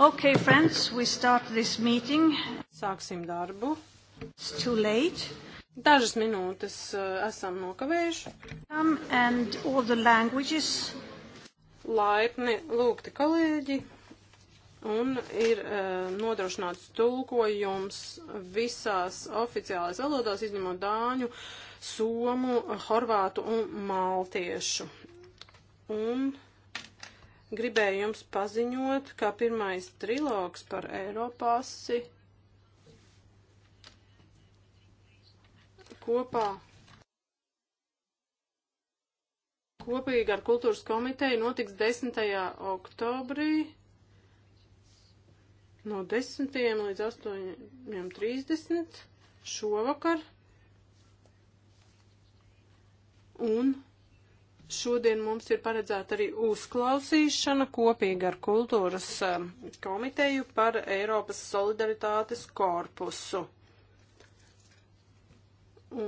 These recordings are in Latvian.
Okay, friends, we start this meeting. Sāksim darbu. It's too late. Dažas minūtes uh, esam nokavējuši. Um, and all the languages. Laipni lūgti kolēģi. Un ir uh, nodrošināts tulkojums visās oficiālās valodās, izņemot dāņu, somu, horvātu un maltiešu. Un Gribēju jums paziņot, ka pirmais trilogs par Eiropasi kopā kopīgi ar kultūras komiteju notiks 10. oktobrī no 10. līdz 8.30 šovakar. Un Šodien mums ir paredzēta arī uzklausīšana kopīgi ar kultūras um, komiteju par Eiropas solidaritātes korpusu.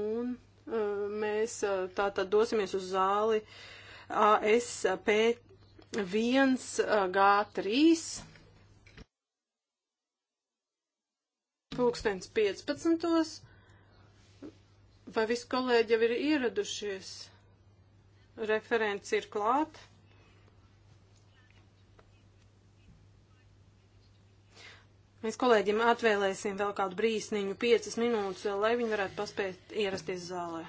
Un uh, mēs uh, tātad dosimies uz zāli ASP1G3. Pūkstens 15. Vai visi kolēģi jau ir ieradušies? Referents ir klāt. Mēs kolēģiem atvēlēsim vēl kādu brīsniņu, piecas minūtes, lai viņi varētu paspēt ierasties zālē.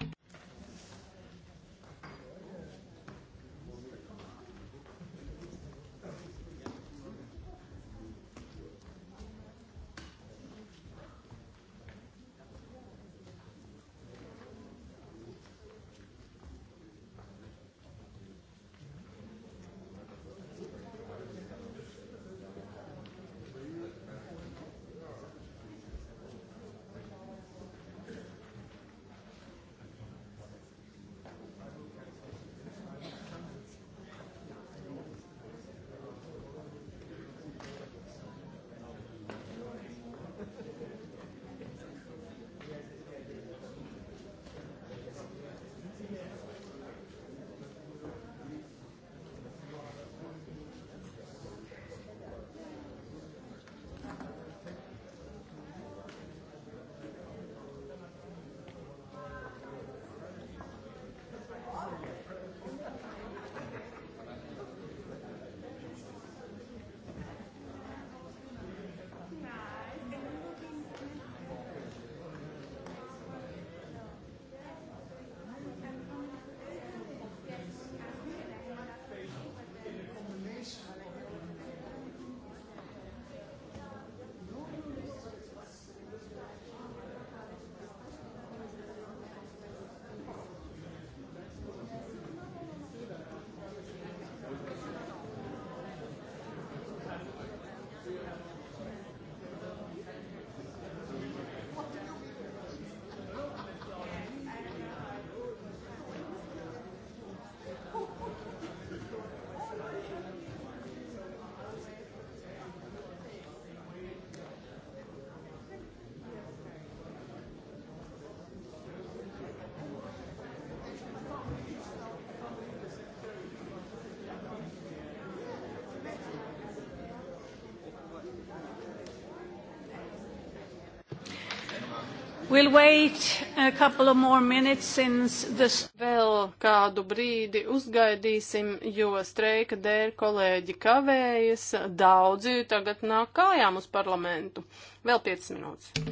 We'll wait a couple of more minutes since the... Vēl kādu brīdi uzgaidīsim, jo streika dēļ kolēģi kavējas. Daudzi tagad nāk kājām uz parlamentu. Vēl 5 minūtes.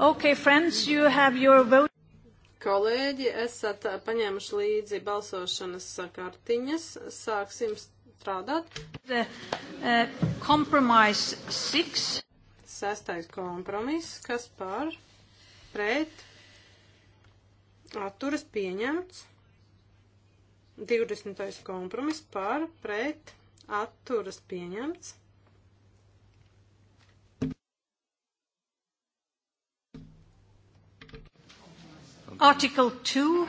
Okay, friends, you have your vote. Kolēģi, esat paņēmuši līdzi balsošanas kartiņas. Sāksim strādāt. The, uh, compromise six. Sestais kompromiss, kas par pret atturas pieņemts. 20. kompromiss par pret atturas pieņemts. Article 2, uh,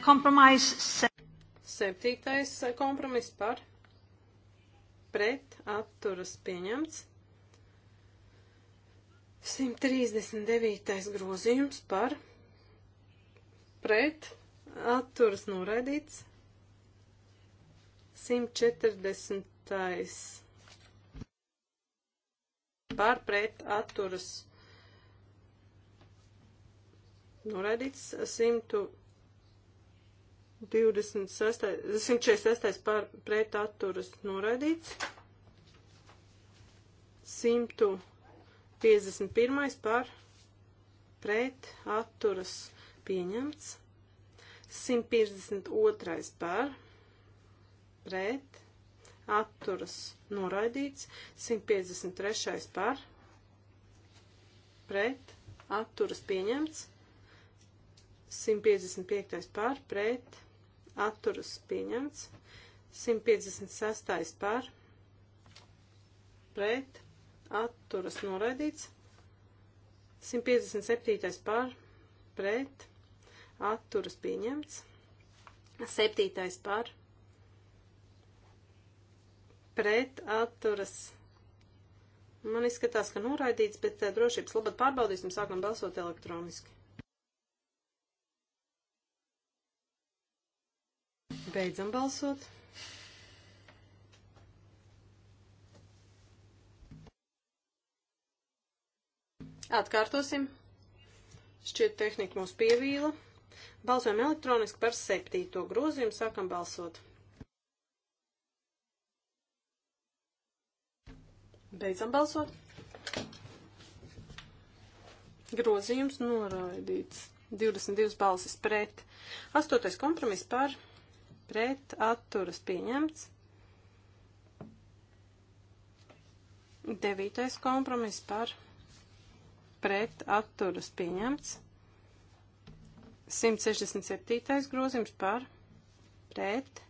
compromise 7. Septītais uh, kompromiss par pret atturas pieņemts. 139. grozījums par pret atturas noraidīts. 140. par pret atturas Noraidīts 126, 146 par pret atturas noraidīts. 151 par pret atturas pieņemts. 152 par pret atturas noraidīts. 153 par pret atturas pieņemts. 155. par pret atturas pieņemts. 156. par pret atturas noraidīts. 157. par pret atturas pieņemts. 7. par pret atturas pieņemts. Man izskatās, ka noraidīts, bet eh, drošības labad pārbaudīsim, sākam balsot elektroniski. Beidzam balsot. Atkārtosim. Šķiet, tehnika mūs pievīla. Balsojam elektroniski par septīto grozījumu, sākam balsot. Beidzam balsot. Grozījums noraidīts. 22 balsis pret. Astotais kompromiss par pret atturas pieņemts. Devītais kompromiss par pret atturas pieņemts. 167. grozījums par pret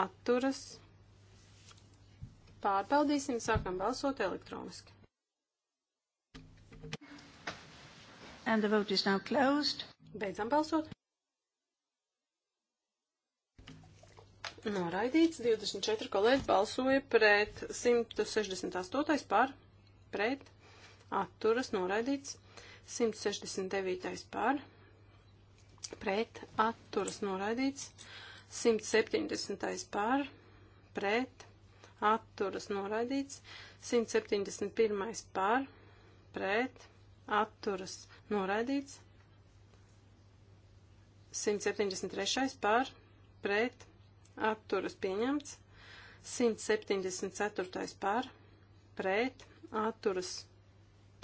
atturas. Pārbaudīsim, sākam balsot elektroniski. And the vote is now closed. Beidzam balsot. Noraidīts 24 kolēģi balsoja pret 168 par pret atturas noraidīts 169 par pret atturas noraidīts 170 par pret atturas noraidīts 171 par pret atturas noraidīts 173 par pret atturas pieņemts, 174. par, pret, atturas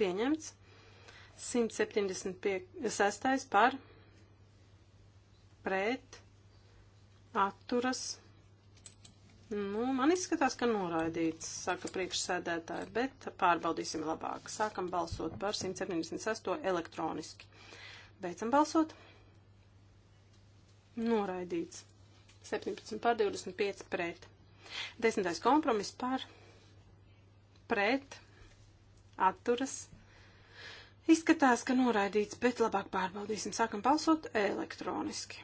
pieņemts, 176. par, pret, atturas. Nu, man izskatās, ka noraidīts, saka priekšsēdētāji, bet pārbaudīsim labāk. Sākam balsot par 176. elektroniski. Beidzam balsot. Noraidīts. 17 par 25 pret. Desmitais kompromiss par pret atturas. Izskatās, ka noraidīts, bet labāk pārbaudīsim. Sākam balsot elektroniski.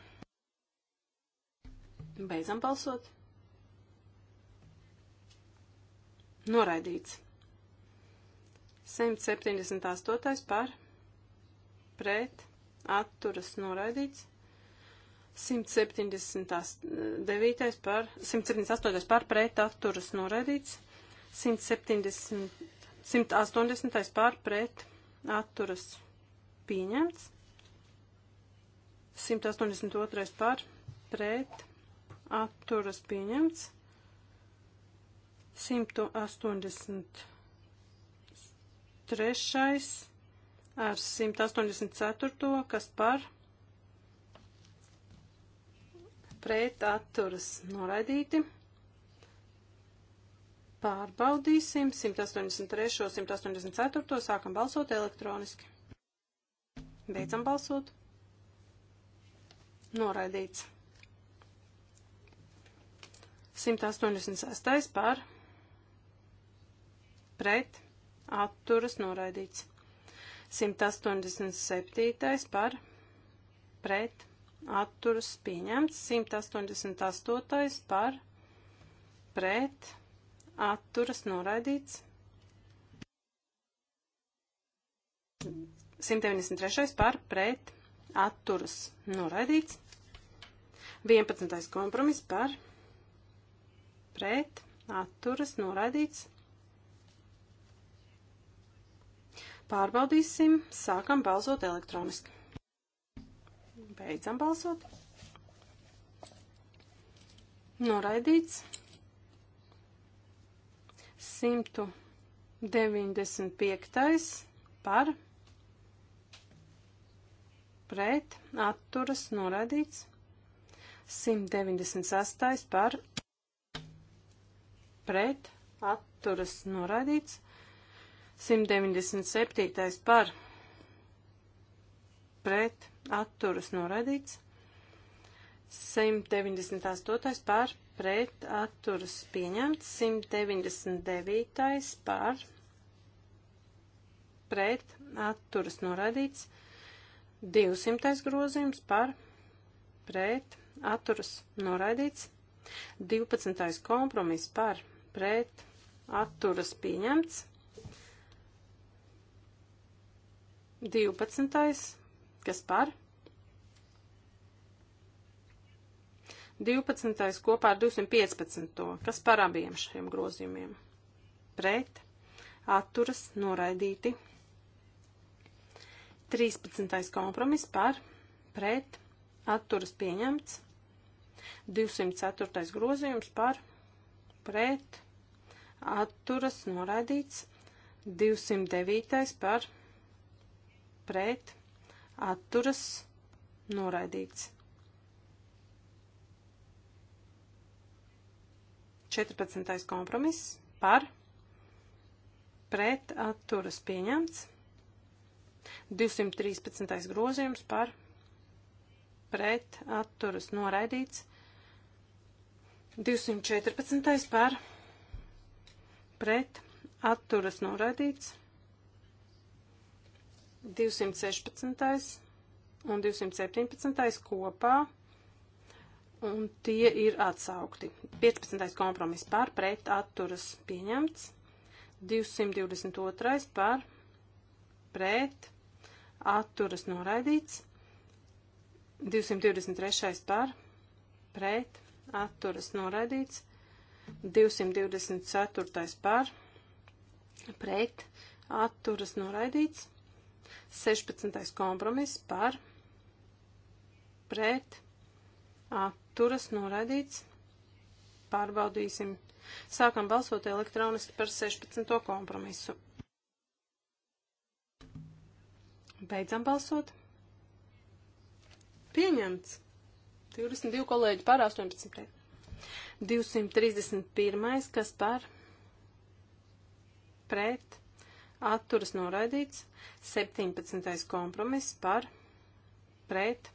Beidzam balsot. Noraidīts. 178. par pret atturas noraidīts. 179. Eh, par 178. par pret atturas noraidīts, 170, 180. par pret atturas pieņemts, 182. par pret atturas pieņemts, 183. ar 184. kas par pret pret atturas noraidīti. Pārbaudīsim 183, 184, sākam balsot elektroniski. Beidzam balsot. Noraidīts. 186 par pret atturas noraidīts. 187 par pret atturas pieņemts, 188 par pret atturas noraidīts, 193 par pret atturas noraidīts, 11. kompromiss par pret atturas noraidīts. Pārbaudīsim, sākam balsot elektroniski. Beidzam balsot. Noraidīts. 195. par pret atturas noraidīts. 198. par pret atturas noraidīts. 197. par pret atturas noraidīts. 198. pār pret atturas pieņemts, 199. pār pret atturas noraidīts, 200. grozījums par pret atturas noraidīts, 12. kompromiss par pret atturas pieņemts, 12. Kas par? 12. kopā ar 215. Kas par abiem šiem grozījumiem? Pret. Atturas noraidīti. 13. kompromis par. Pret. Atturas pieņemts. 204. grozījums par. Pret. Atturas noraidīts. 209. par. Pret atturas noraidīts. 14. kompromiss par pret atturas pieņemts. 213. grozījums par pret atturas noraidīts. 214. par pret atturas noraidīts. 216. un 217. kopā, un tie ir atsaukti. 15. kompromiss par pret atturas pieņemts, 222. par pret atturas noraidīts, 223. par pret atturas noraidīts, 224. par pret atturas noraidīts. 16. kompromiss par pret atturas noraidīts. Pārbaudīsim. Sākam balsot elektroniski par 16. kompromisu. Beidzam balsot. Pieņemts. 22 kolēģi pār 18 pret. 231. kas par pret atturas noraidīts, 17. kompromiss par, pret,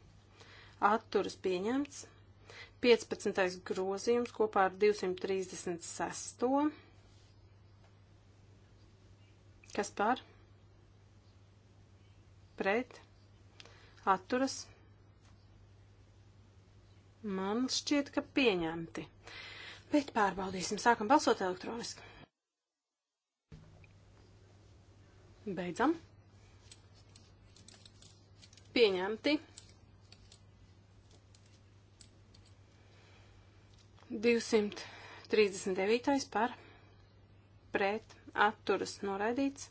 atturas pieņemts, 15. grozījums kopā ar 236. Kas par, pret, atturas, man šķiet, ka pieņemti. Bet pārbaudīsim, sākam balsot elektroniski. Beidzam. Pieņemti. 239. par pret atturas noraidīts.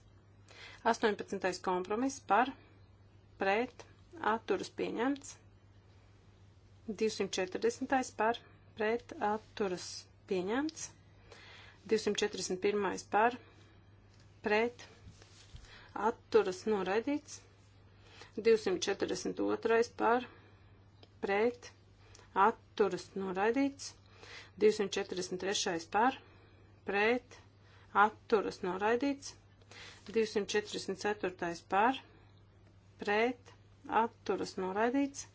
18. kompromiss par pret atturas pieņemts. 240. par pret atturas pieņemts. 241. par pret atturas noraidīts. 242 par pret atturas noraidīts. 243 par pret atturas noraidīts. 244 par pret atturas noraidīts.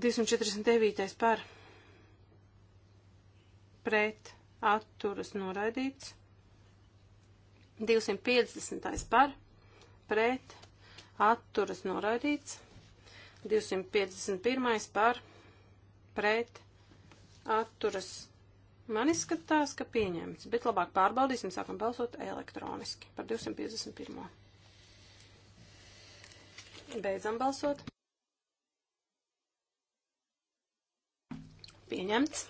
249 par pret atturas noraidīts. 250. par pret atturas noraidīts. 251. par pret atturas man izskatās, ka pieņemts, bet labāk pārbaudīsim, sākam balsot elektroniski par 251. Beidzam balsot. Pieņemts.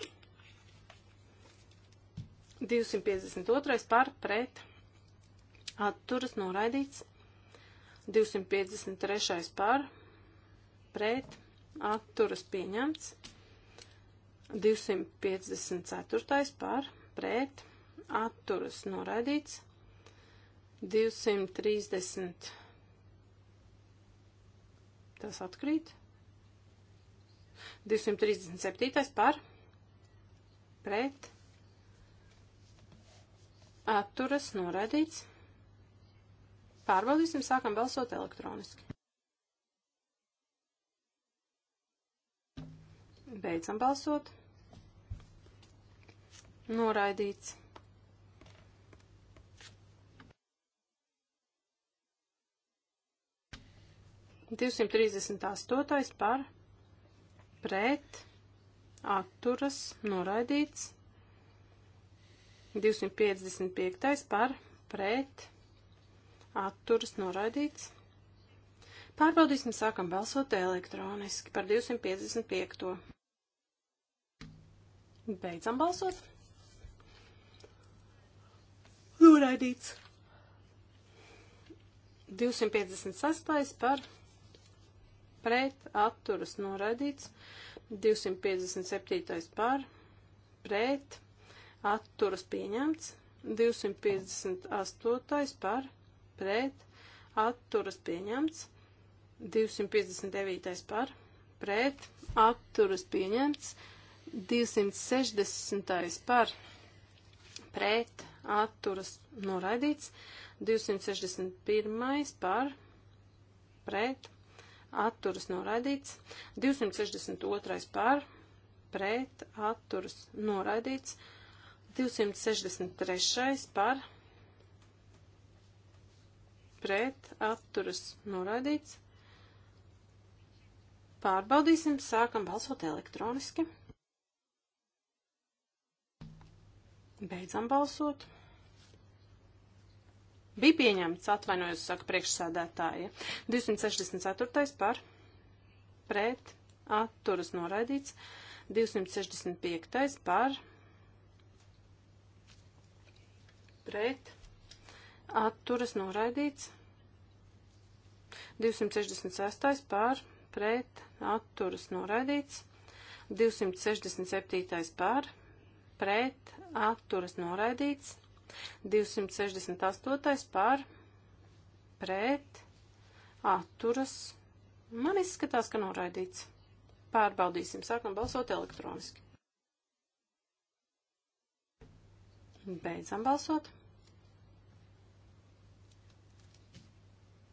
252. par pret atturas noraidīts. 253. par pret atturas pieņemts. 254. par pret atturas noraidīts. 230. Tas atkrīt. 237. par pret atturas noraidīts. Pārbaudīsim, sākam balsot elektroniski. Beidzam balsot. Noraidīts. Divsimt trīsdesmit astotais par pret atturas noraidīts. 255. par pret atturas noraidīts. Pārbaudīsim, sākam balsot elektroniski par 255. Beidzam balsot. Noraidīts. 256. par pret atturas noraidīts. 257. par pret atturas pieņemts. 258. par pret pret, atturas pieņemts, 259. par, pret, atturas pieņemts, 260. par, pret, atturas noraidīts, 261. par, pret, atturas noraidīts, 262. par, pret, atturas noraidīts, 263. par, pret, pret atturas noraidīts. Pārbaudīsim, sākam balsot elektroniski. Beidzam balsot. Bija pieņemts, atvainojos, saka priekšsēdētāja. 264. par pret atturas noraidīts. 265. par pret atturas noraidīts. 266. pār pret atturas noraidīts. 267. pār pret atturas noraidīts. 268. pār pret atturas. Man izskatās, ka noraidīts. Pārbaudīsim, sākam balsot elektroniski. Beidzam balsot.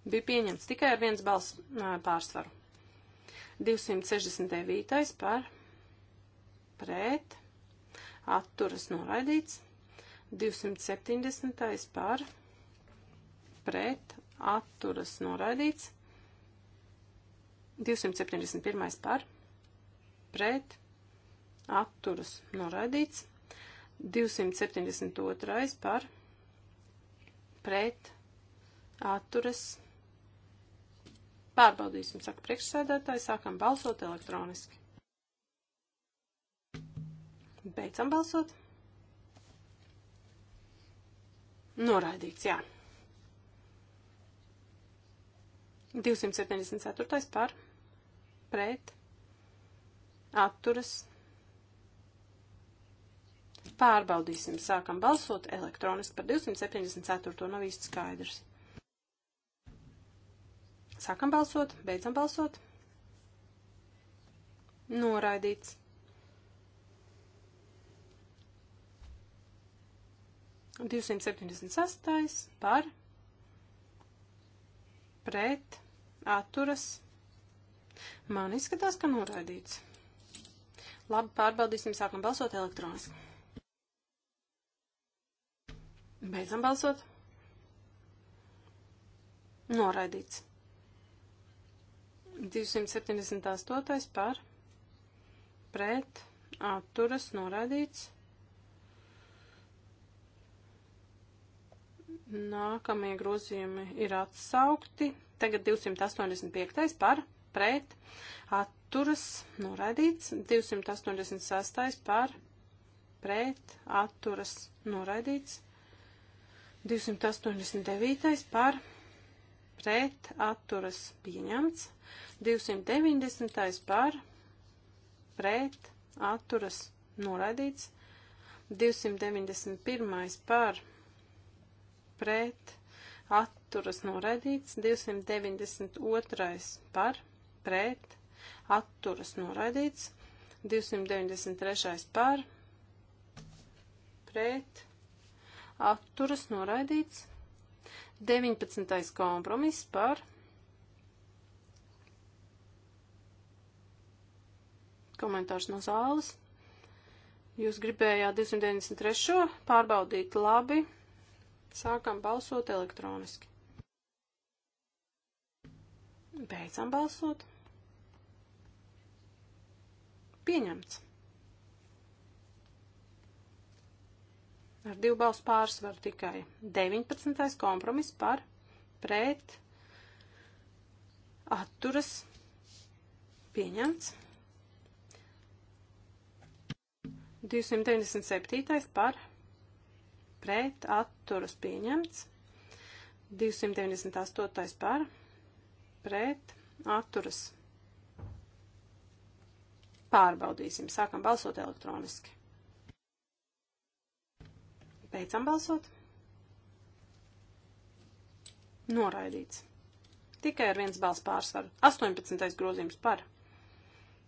bija pieņemts tikai ar viens balss pārsvaru. 269. par pret atturas noraidīts. 270. par pret atturas noraidīts. 271. par pret atturas noraidīts. 272. par pret atturas noraidīts Pārbaudīsim, saka priekšsēdētāji, sākam balsot elektroniski. Beidzam balsot. Noraidīts, jā. 274. par, pret, atturas. Pārbaudīsim, sākam balsot elektroniski par 274. nav īsti skaidrs. Sākam balsot, beidzam balsot. Noraidīts. Divsimt septiņdesmit sastais par pret atturas. Man izskatās, ka noraidīts. Labi, pārbaudīsim, sākam balsot elektroniski. Beidzam balsot. Noraidīts. 278. par pret atturas norādīts. Nākamie grozījumi ir atsaukti. Tagad 285. par pret atturas noraidīts. 286. par pret atturas noraidīts. 289. par pret pret atturas pieņemts, 290. par pret atturas noraidīts, 291. par pret atturas noraidīts, 292. par pret atturas noraidīts, 293. par pret atturas noraidīts. 19. kompromiss par komentārs no zāles. Jūs gribējāt 293. pārbaudīt labi. Sākam balsot elektroniski. Beidzam balsot. Pieņemts. ar divu balsu pārsvaru tikai. 19. kompromiss par pret atturas pieņemts. 297. par pret atturas pieņemts. 298. par pret atturas pārbaudīsim. Sākam balsot elektroniski. Beidzam balsot. Noraidīts. Tikai ar viens balss pārsvaru. 18. grozījums par.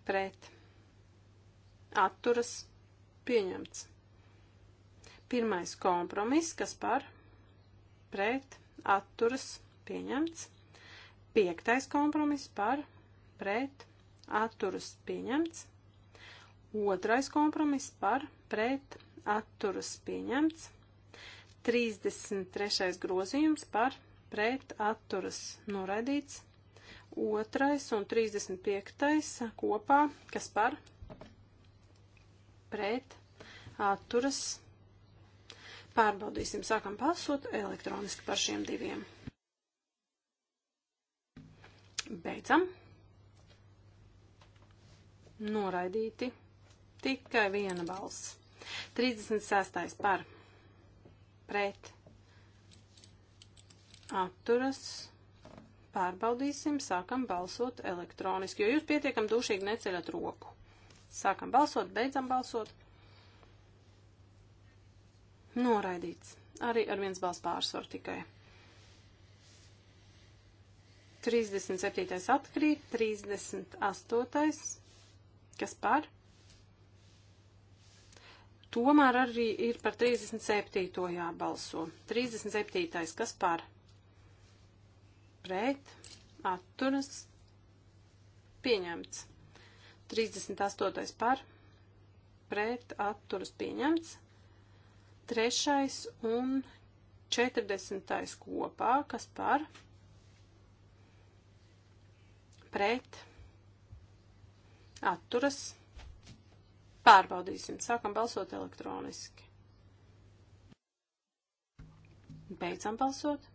Pret. Atturas. Pieņemts. Pirmais kompromiss, kas par. Pret. Atturas. Pieņemts. Piektais kompromiss par. Pret. Atturas. Pieņemts. Otrais kompromiss par. Pret atturas pieņemts. 33. grozījums par pret atturas noraidīts. 2. un 35. kopā, kas par pret atturas pārbaudīsim. Sākam balsot elektroniski par šiem diviem. Beidzam. Noraidīti tikai viena balss. 36. par pret atturas. Pārbaudīsim, sākam balsot elektroniski, jo jūs pietiekam dušīgi neceļat roku. Sākam balsot, beidzam balsot. Noraidīts. Arī ar viens balss pārsvaru tikai. 37. atkrīt, 38. kas par? Tomēr arī ir par 37. jābalso. 37. kas par? Pret, atturas, pieņemts. 38. par, pret, atturas, pieņemts. 3. un 40. kopā, kas par? Pret, atturas, pieņemts Pārbaudīsim. Sākam balsot elektroniski. Beidzam balsot.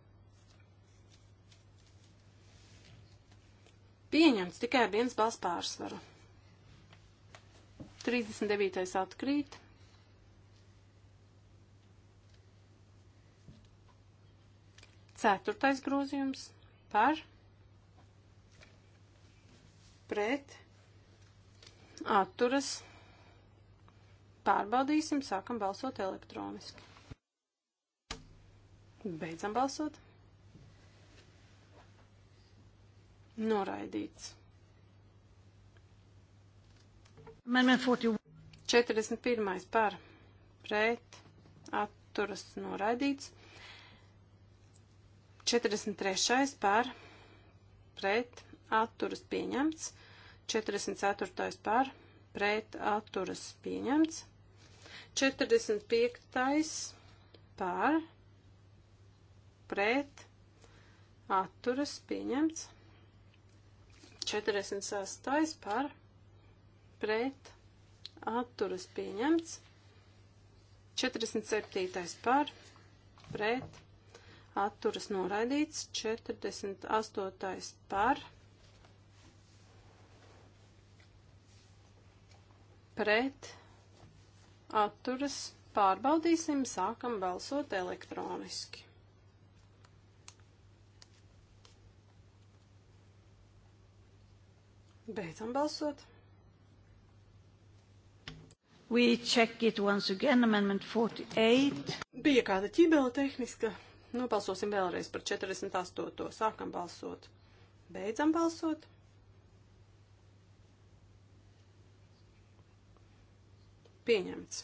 Pieņemts tikai viens balss pārsvaru. 39. atkrīt. Ceturtais grozījums par pret atturas Pārbaudīsim, sākam balsot elektroniski. Beidzam balsot. Noraidīts. 41. par pret atturas noraidīts. 43. par pret atturas pieņemts. 44. par pret atturas pieņemts. 45. pār pret atturas pieņemts. 46. par pret atturas pieņemts. 47. par pret atturas noraidīts. 48. par pret atturas pārbaudīsim, sākam balsot elektroniski. Beidzam balsot. We check it once again, amendment 48. Bija kāda ķibela tehniska. Nobalsosim vēlreiz par 48. Sākam balsot. Beidzam balsot. Pieņemts.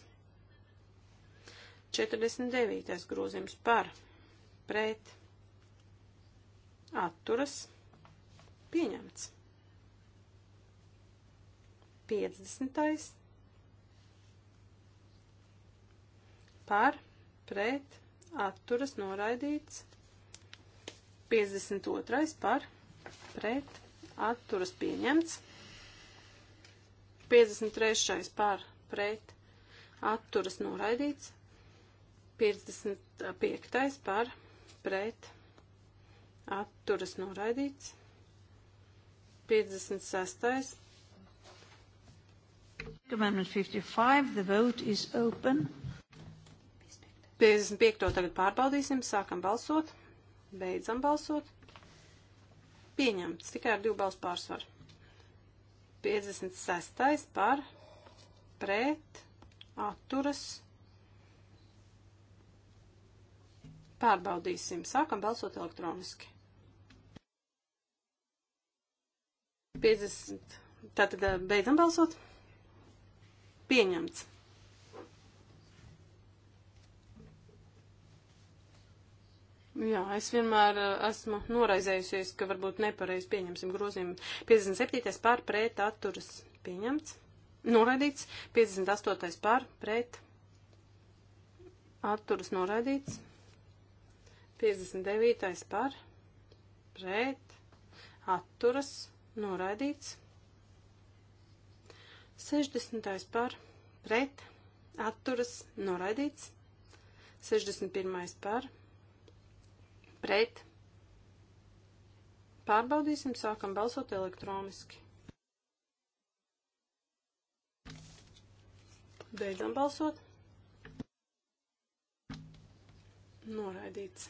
49. grozījums par pret atturas pieņemts. 50. par pret atturas noraidīts. 52. par pret atturas pieņemts. 53. par pret atturas noraidīts. 55. par pret atturas noraidīts. 56. Amendment 55, the vote is open. 55. tagad pārbaudīsim, sākam balsot, beidzam balsot. Pieņemts tikai ar divu balsu pārsvaru. 56. par pret, atturas. Pārbaudīsim. Sākam balsot elektroniski. 50. Tātad eh, beidzam balsot. Pieņemts. Jā, es vienmēr eh, esmu noraizējusies, ka varbūt nepareizi pieņemsim grozījumu. 57. pār pret atturas pieņemts. Noraidīts. 58. par pret. Atturas noraidīts. 59. par pret. Atturas noraidīts. 60. par pret. Atturas noraidīts. 61. par pret. Pārbaudīsim, sākam balsot elektroniski. Beidzam balsot. Noraidīts.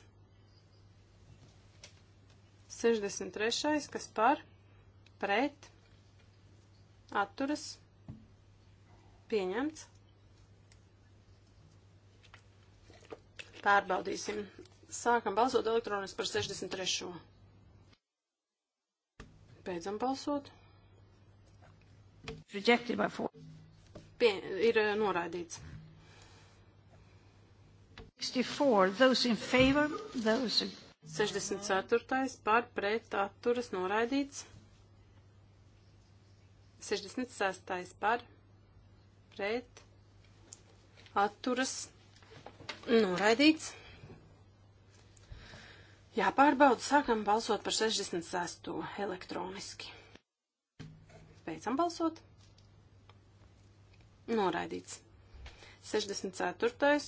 63. kas par, pret, atturas, pieņemts. Pārbaudīsim. Sākam balsot elektroniski par 63. Beidzam balsot. Rejected by four pie, ir eh, noraidīts. 64, those in favor, those... 64. par pret atturas noraidīts. 66. par pret atturas noraidīts. Jāpārbauda, sākam balsot par 66. elektroniski. Beidzam balsot. Noraidīts. 64.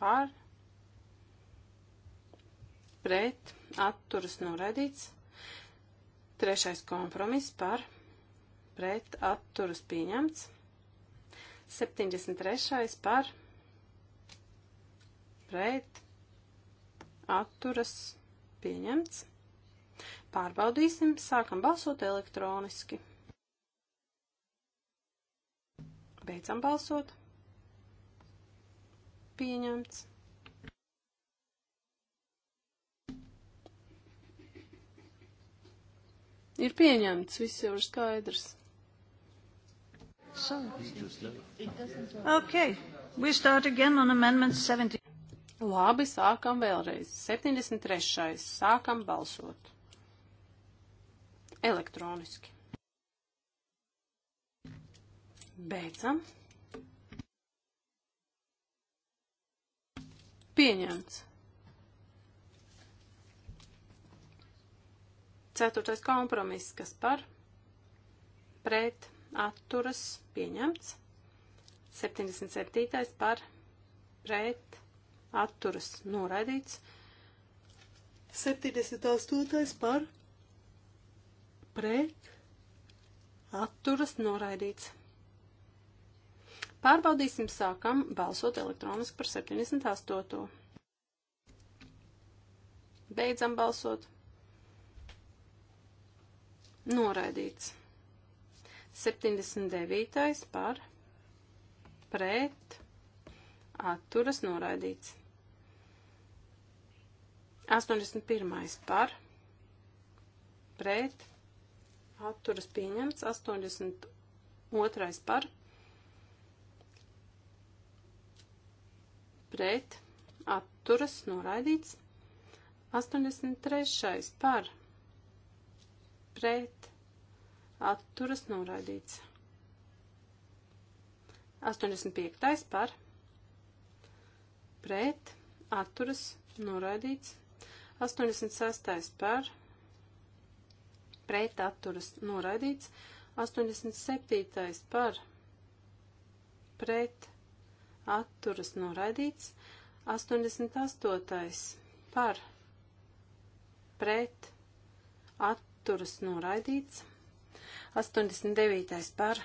Pār. Pret. Atturas noraidīts. Trešais kompromiss par. Pret. Atturas pieņemts. 73. par. Pret. Atturas pieņemts. Pārbaudīsim. Sākam balsot elektroniski. Beidzam balsot. Pieņemts. Ir pieņemts, viss jau ir skaidrs. So, okay. We start again on amendment 70. Labi, sākam vēlreiz. 73. Sākam balsot. Elektroniski. Beidzam. Pieņemts. Ceturtais kompromiss, kas par pret atturas pieņemts. 77. par pret atturas noraidīts. 78. par pret atturas noraidīts. Pārbaudīsim, sākam balsot elektroniski par 78. Beidzam balsot. Noraidīts. 79. par pret atturas noraidīts. 81. par pret atturas pieņemts. 82. par pret pret atturas noraidīts. 83. par pret atturas noraidīts. 85. par pret atturas noraidīts. 86. par pret atturas noraidīts. 87. par pret atturas noraidīts atturas noraidīts, 88. par pret atturas noraidīts, 89. par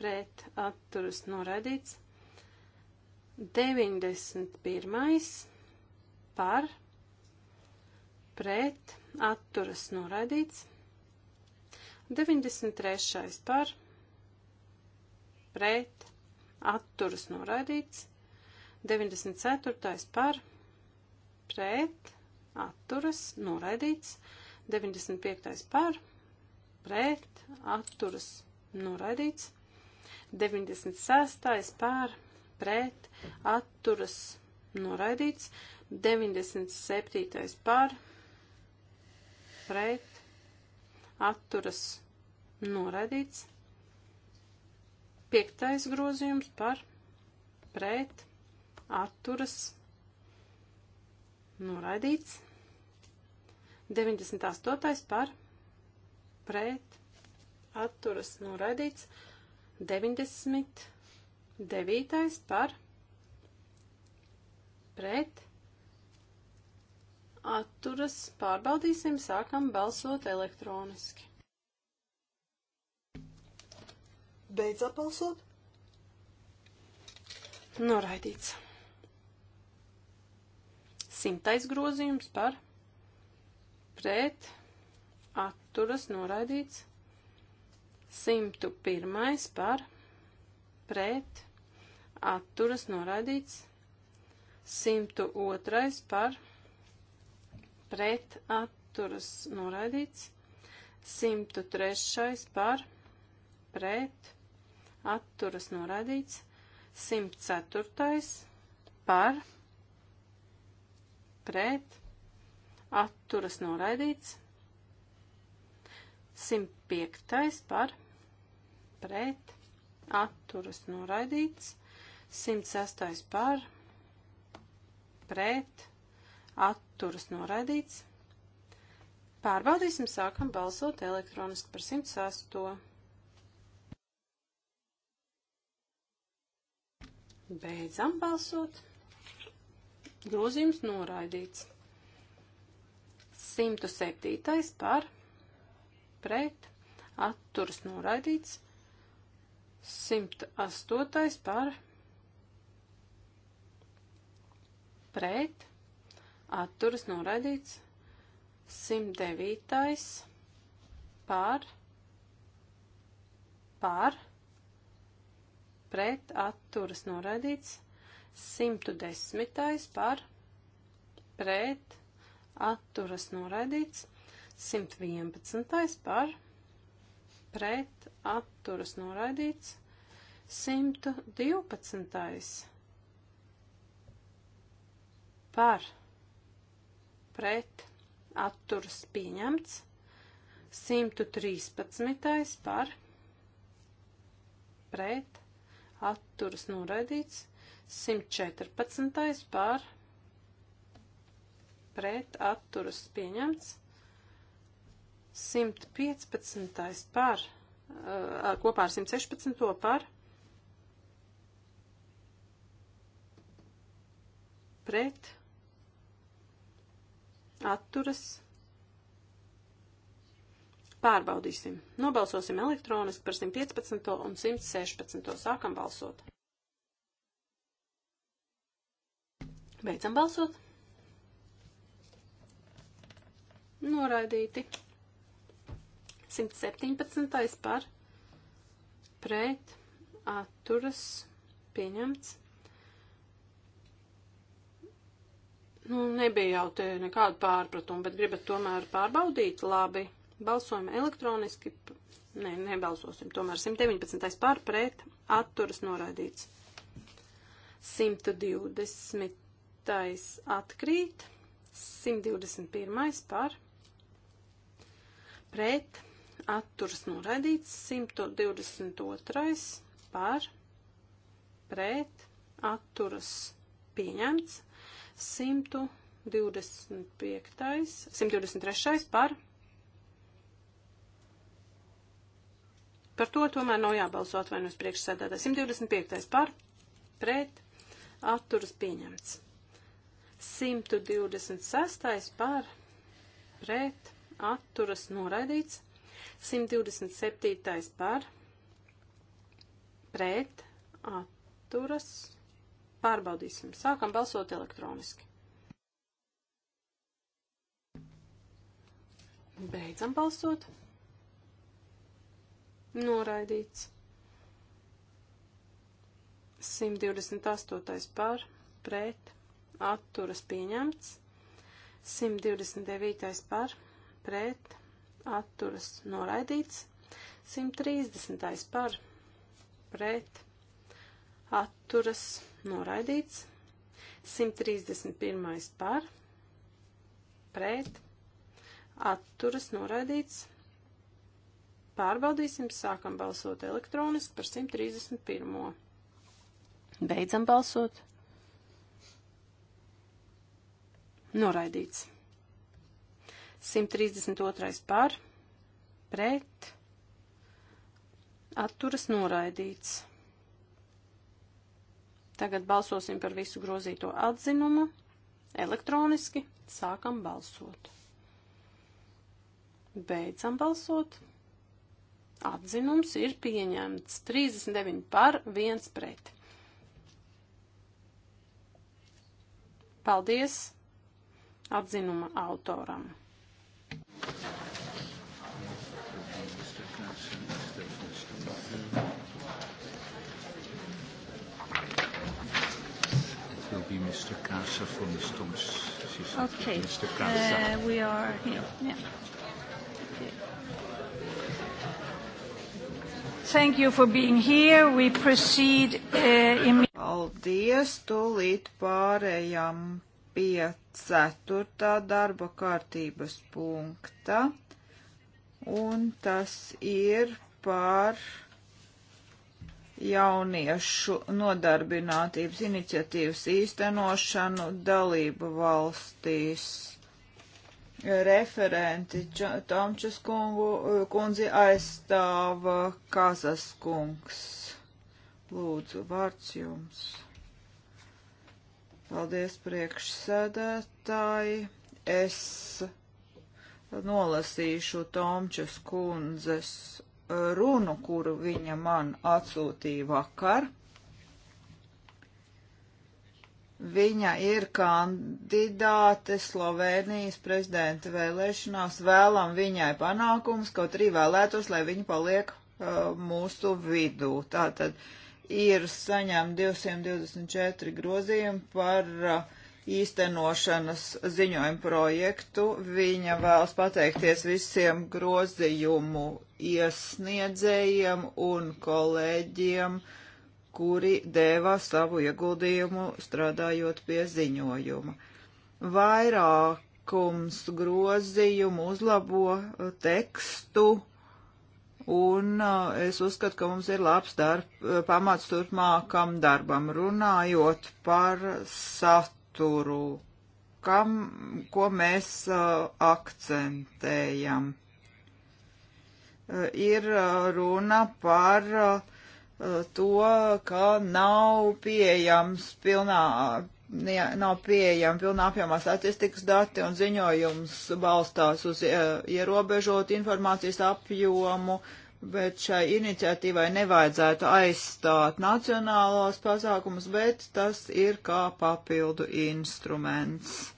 pret atturas noraidīts, 91. par pret atturas noraidīts, 93. par pret atturas noraidīts, 94. par, pret, atturas noraidīts, 95. par, pret, atturas noraidīts, 96. par, pret, atturas noraidīts, 97. par, pret, atturas noraidīts, Piektais grozījums par pret atturas noraidīts. 98. par pret atturas noraidīts. 99. par pret atturas pārbaudīsim, sākam balsot elektroniski. Beidzot balsot. Noraidīts. Simtais grozījums par pret atturas noraidīts. 101 par pret atturas noraidīts. 102 par pret atturas noraidīts. 103 par pret atturas noraidīts. 104. par pret atturas noraidīts. 105. par pret atturas noraidīts. 106. par pret atturas noraidīts. Pārbaudīsim, sākam balsot elektroniski par 108. Beidzam balsot. Grozījums noraidīts. 107. par pret atturas noraidīts. 108. par pret atturas noraidīts. 109. par par pret atturas noraidīts. 110. par pret atturas noraidīts. 111. par pret atturas noraidīts. 112. par pret atturas pieņemts. 113. par pret atturas noraidīts, 114. pār pret atturas pieņemts, 115. par, kopā ar 116. par, pret atturas pieņemts Pārbaudīsim. Nobalsosim elektroniski par 115. un 116. Sākam balsot. Beidzam balsot. Noraidīti. 117. par pret atturas pieņemts. Nu, nebija jau te nekāda pārpratuma, bet gribat tomēr pārbaudīt labi. Balsojam elektroniski. Nē, ne, nebalsosim. Tomēr 119. pār pret atturas noraidīts. 120. atkrīt. 121. pār pret atturas noraidīts. 122. pār pret atturas pieņemts. 125. 123. par Par to tomēr nav jābalso atvainojas priekšsēdētājs. 125. par, pret, atturas pieņemts. 126. par, pret, atturas noraidīts. 127. par, pret, atturas. Pārbaudīsim. Sākam balsot elektroniski. Beidzam balsot noraidīts. 128. par, pret, atturas pieņemts. 129. par, pret, atturas noraidīts. 130. par, pret, atturas noraidīts. 131. par, pret, atturas noraidīts. Pārbaudīsim, sākam balsot elektroniski par 131. Beidzam balsot. Noraidīts. 132. par, pret, atturas noraidīts. Tagad balsosim par visu grozīto atzinumu. Elektroniski sākam balsot. Beidzam balsot. Atzinums ir pieņemts 39 par 1 pret. Paldies atzinuma autoram. be Mr. Casa for Mr. Mr. Okay. Mr. Casa. Uh, we are here. Yeah. Thank you for being here. We proceed uh, in... Paldies, tūlīt pārējām pie ceturtā darba kārtības punkta. Un tas ir par jauniešu nodarbinātības iniciatīvas īstenošanu dalību valstīs referenti Tomčus kungu, eh, kundzi aizstāv Kazas kungs. Lūdzu, vārds jums. Paldies priekšsēdētāji. Es nolasīšu Tomčus kundzes runu, kuru viņa man atsūtīja vakar. Viņa ir kandidāte Slovenijas prezidenta vēlēšanās. Vēlam viņai panākums, kaut arī vēlētos, lai viņa paliek uh, mūsu vidū. Tātad ir saņem 224 grozījumi par uh, īstenošanas ziņojumu projektu. Viņa vēlas pateikties visiem grozījumu iesniedzējiem un kolēģiem. Uh, kuri deva savu ieguldījumu strādājot pie ziņojuma. Vairākums grozījumu uzlabo uh, tekstu, un uh, es uzskatu, ka mums ir labs darb, uh, pamats turpmākam darbam, runājot par saturu, kam, ko mēs uh, akcentējam. Uh, ir uh, runa par uh, to, ka nav pieejams pilnā, nav pieejama pilnā apjomā statistikas dati un ziņojums balstās uz ierobežotu informācijas apjomu, bet šai iniciatīvai nevajadzētu aizstāt nacionālos pasākumus, bet tas ir kā papildu instruments.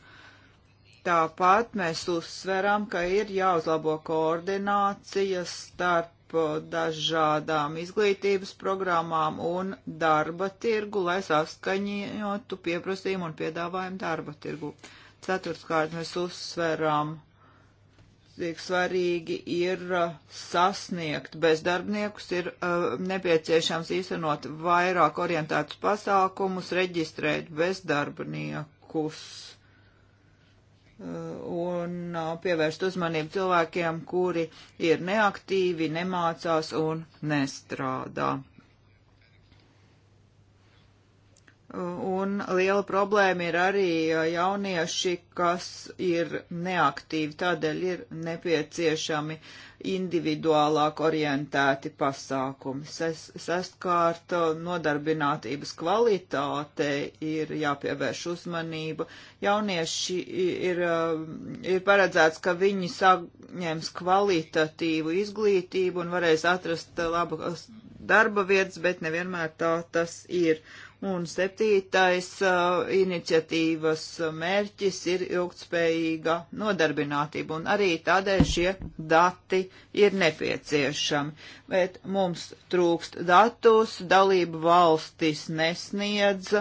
Tāpat mēs uzsveram, ka ir jāuzlabo koordinācija starp starp eh, dažādām izglītības programmām un darba tirgu, lai saskaņotu pieprasījumu un piedāvājumu darba tirgu. Ceturtkārt, mēs uzsverām, cik svarīgi ir eh, sasniegt bezdarbniekus, ir uh, nepieciešams īstenot vairāk orientētus pasākumus, reģistrēt bezdarbniekus un pievērst uzmanību cilvēkiem, kuri ir neaktīvi, nemācās un nestrādā. Un liela problēma ir arī jaunieši, kas ir neaktīvi, tādēļ ir nepieciešami individuālāk orientēti pasākumi. Ses, sestkārt, nodarbinātības kvalitāte ir jāpievērš uzmanība. Jaunieši ir, ir paredzēts, ka viņi saņems kvalitatīvu izglītību un varēs atrast labu darba vietas, bet nevienmēr tā tas ir Un septītais uh, iniciatīvas mērķis ir ilgtspējīga nodarbinātība, un arī tādēļ šie dati ir nepieciešami. Bet mums trūkst datus, dalību valstis nesniedz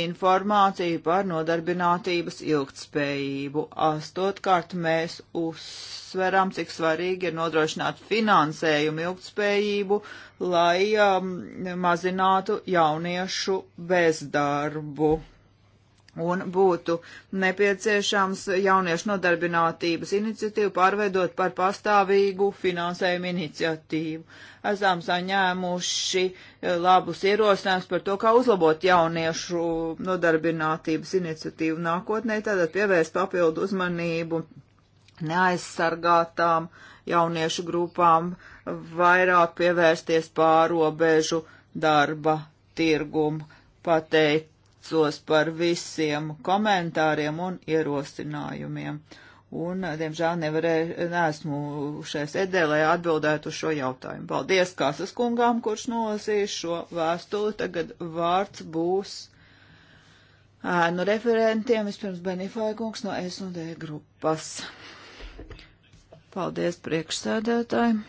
informāciju par nodarbinātības ilgtspējību. Astotkārt mēs uzsveram, cik svarīgi ir nodrošināt finansējumu ilgtspējību lai um, mazinātu jauniešu bezdarbu. Un būtu nepieciešams jauniešu nodarbinātības iniciatīvu pārveidot par pastāvīgu finansējumu iniciatīvu. Esam saņēmuši eh, labus ierosinājumus par to, kā uzlabot jauniešu nodarbinātības iniciatīvu nākotnē, tātad pievērst papildu uzmanību neaizsargātām jauniešu grupām, uh, vairāk pievērsties pārobežu darba tirgumu. Pateicos par visiem komentāriem un ierosinājumiem. Un, diemžēl, nevarēju, neesmu šai sēdē, lai atbildētu uz šo jautājumu. Paldies Kāsas kungām, kurš nolasīs šo vēstuli. Tagad vārds būs ēnu referentiem. Vispirms Benifai kungs no S&D grupas. Paldies priekšsēdētājiem.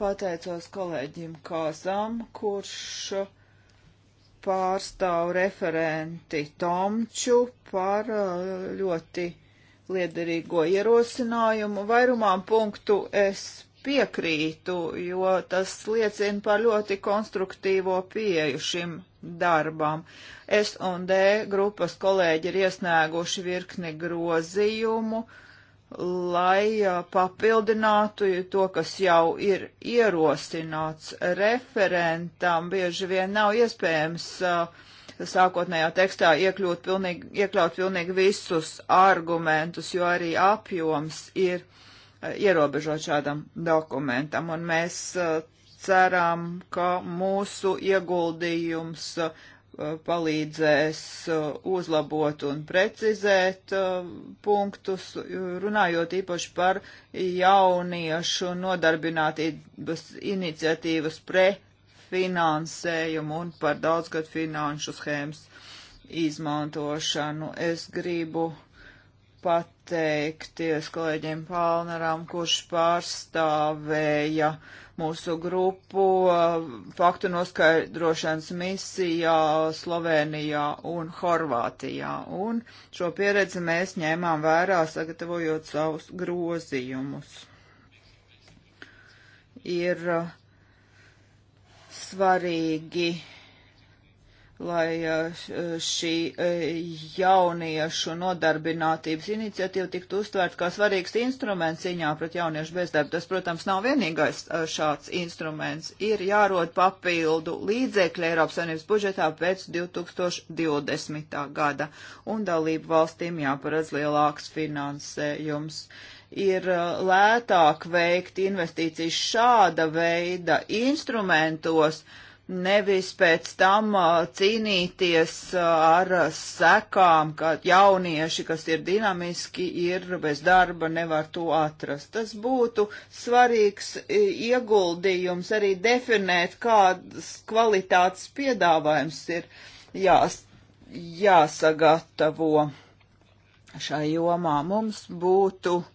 Pateicos kolēģim Kāzam, kurš pārstāv referenti Tomču par uh, ļoti liederīgo ierosinājumu. Vairumām punktu es piekrītu, jo tas liecina par ļoti konstruktīvo pieeju šim darbam. S un D grupas kolēģi ir iesnēguši virkni grozījumu lai papildinātu to, kas jau ir ierosināts referentam. Bieži vien nav iespējams sākotnējā tekstā iekļūt pilnīgi, iekļaut pilnīgi visus argumentus, jo arī apjoms ir ierobežot šādam dokumentam. Un mēs ceram, ka mūsu ieguldījums Uh, palīdzēs uh, uzlabot un precizēt uh, punktus, runājot īpaši par jauniešu nodarbinātības iniciatīvas prefinansējumu un par daudzgad finanšu schēmas izmantošanu. Es gribu pat pateikties kolēģiem Palneram, kurš pārstāvēja mūsu grupu faktu noskaidrošanas misijā Slovenijā un Horvātijā. Un šo pieredzi mēs ņēmām vērā, sagatavojot savus grozījumus. Ir uh, svarīgi lai uh, uh, šī uh, jauniešu nodarbinātības iniciatīva tiktu uztvērta kā svarīgs instruments cīņā pret jauniešu bezdarbu. Tas, protams, nav vienīgais šāds instruments. Ir jārod papildu līdzekļi Eiropas Savienības budžetā pēc 2020. gada, un dalību valstīm jāparedz lielāks finansējums. Ir lētāk veikt investīcijas šāda veida instrumentos, uh, nevis pēc tam cīnīties ar sekām, ka jaunieši, kas ir dinamiski, ir bez darba, nevar to atrast. Tas būtu svarīgs ieguldījums arī definēt, kādas kvalitātes piedāvājums ir jās, jāsagatavo šai jomā. Mums būtu uh,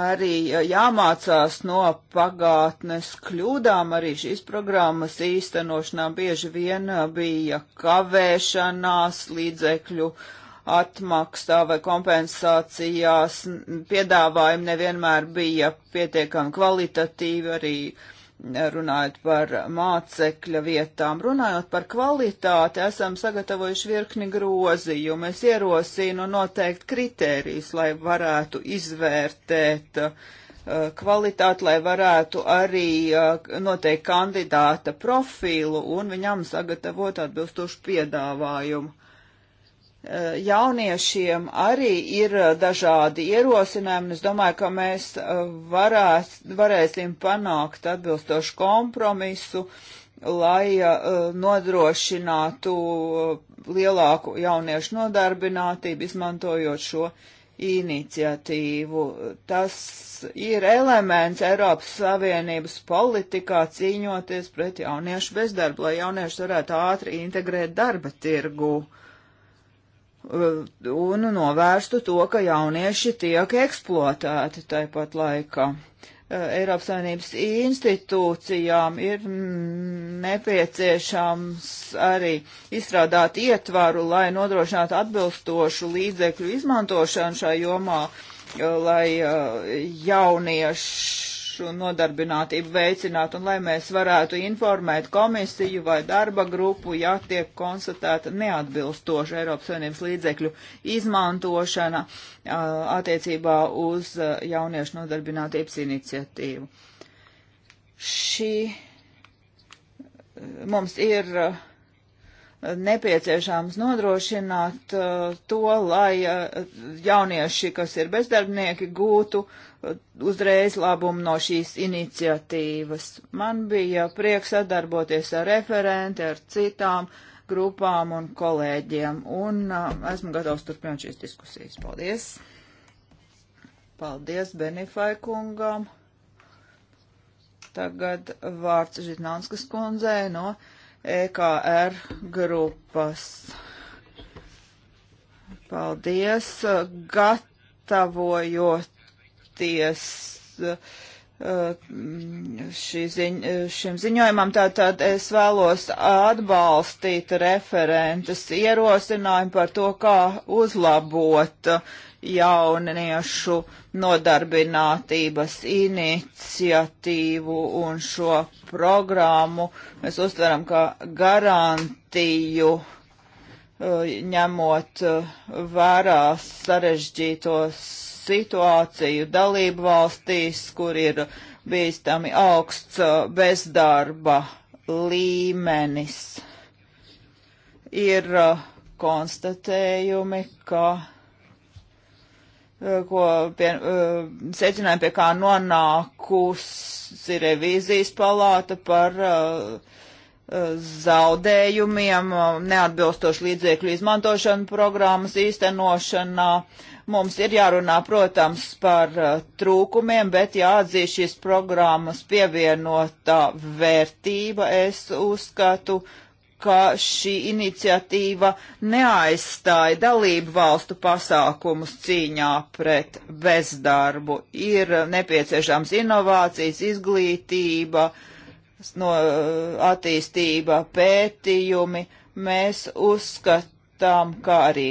arī jāmācās no pagātnes kļūdām. Arī šīs programmas īstenošanā bieži vien uh, bija kavēšanās līdzekļu atmaksā vai kompensācijās. Piedāvājumi nevienmēr bija pietiekami kvalitatīvi, arī uh, runājot par mācekļa vietām, runājot par kvalitāti, esam sagatavojuši virkni grozījumu. Es ierosinu noteikti kritērijus, lai varētu izvērtēt uh, kvalitāti, lai varētu arī uh, noteikt kandidāta profilu un viņam sagatavot atbilstošu piedāvājumu. Eh, jauniešiem arī ir eh, dažādi ierosinājumi, un es domāju, ka mēs eh, varēs, varēsim panākt atbilstošu kompromisu, lai nodrošinātu lielāku jauniešu nodarbinātību, izmantojot šo iniciatīvu. Tas ir elements Eiropas Savienības politikā cīņoties pret jauniešu bezdarbu, lai jaunieši varētu ātri integrēt darba tirgu. Uh, Uh, un novērstu to, ka jaunieši tiek eksploatēti tāpat laikā. Uh, Eiropas Savienības institūcijām ir mm, nepieciešams arī izstrādāt ietvaru, lai nodrošinātu atbilstošu līdzekļu izmantošanu šajā jomā, uh, lai jaunieši jauniešu nodarbinātību veicināt un lai mēs varētu informēt komisiju vai darba grupu, ja tiek konstatēta neatbilstoša Eiropas Savienības līdzekļu izmantošana attiecībā uz jauniešu nodarbinātības iniciatīvu. Šī mums ir uh, nepieciešams nodrošināt uh, to, lai uh, jaunieši, kas ir bezdarbnieki, gūtu uh, uzreiz labumu no šīs iniciatīvas. Man bija prieks sadarboties ar referenti, ar citām grupām un kolēģiem, un esmu gatavs turpināt šīs diskusijas. Paldies! Paldies Benifai kungam! Tagad vārds Žitnānskas kundzei no. EKR grupas. Paldies, gatavojoties Uh, ziņ, šim ziņojumam. Tātad es vēlos atbalstīt referentes ierosinājumu par to, kā uzlabot jauniešu nodarbinātības iniciatīvu un šo programmu. Mēs uztveram, ka garantiju uh, Eh, ņemot eh, vērā sarežģīto situāciju dalību valstīs, kur ir bīstami augsts eh, bezdarba līmenis. Ir konstatējumi, ka ko pie, secinājumi, pie kā nonākusi revīzijas palāta par uh, zaudējumiem, neatbilstoši līdzekļu izmantošanu programmas īstenošanā. Mums ir jārunā, protams, par uh, trūkumiem, bet jāatzīst šīs programmas pievienotā vērtība. Es uzskatu, ka šī iniciatīva neaizstāja dalību valstu pasākumus cīņā pret bezdarbu. Ir nepieciešams inovācijas, izglītība, uh, no eh, attīstība, pētījumi. Mēs uzskatām, ka arī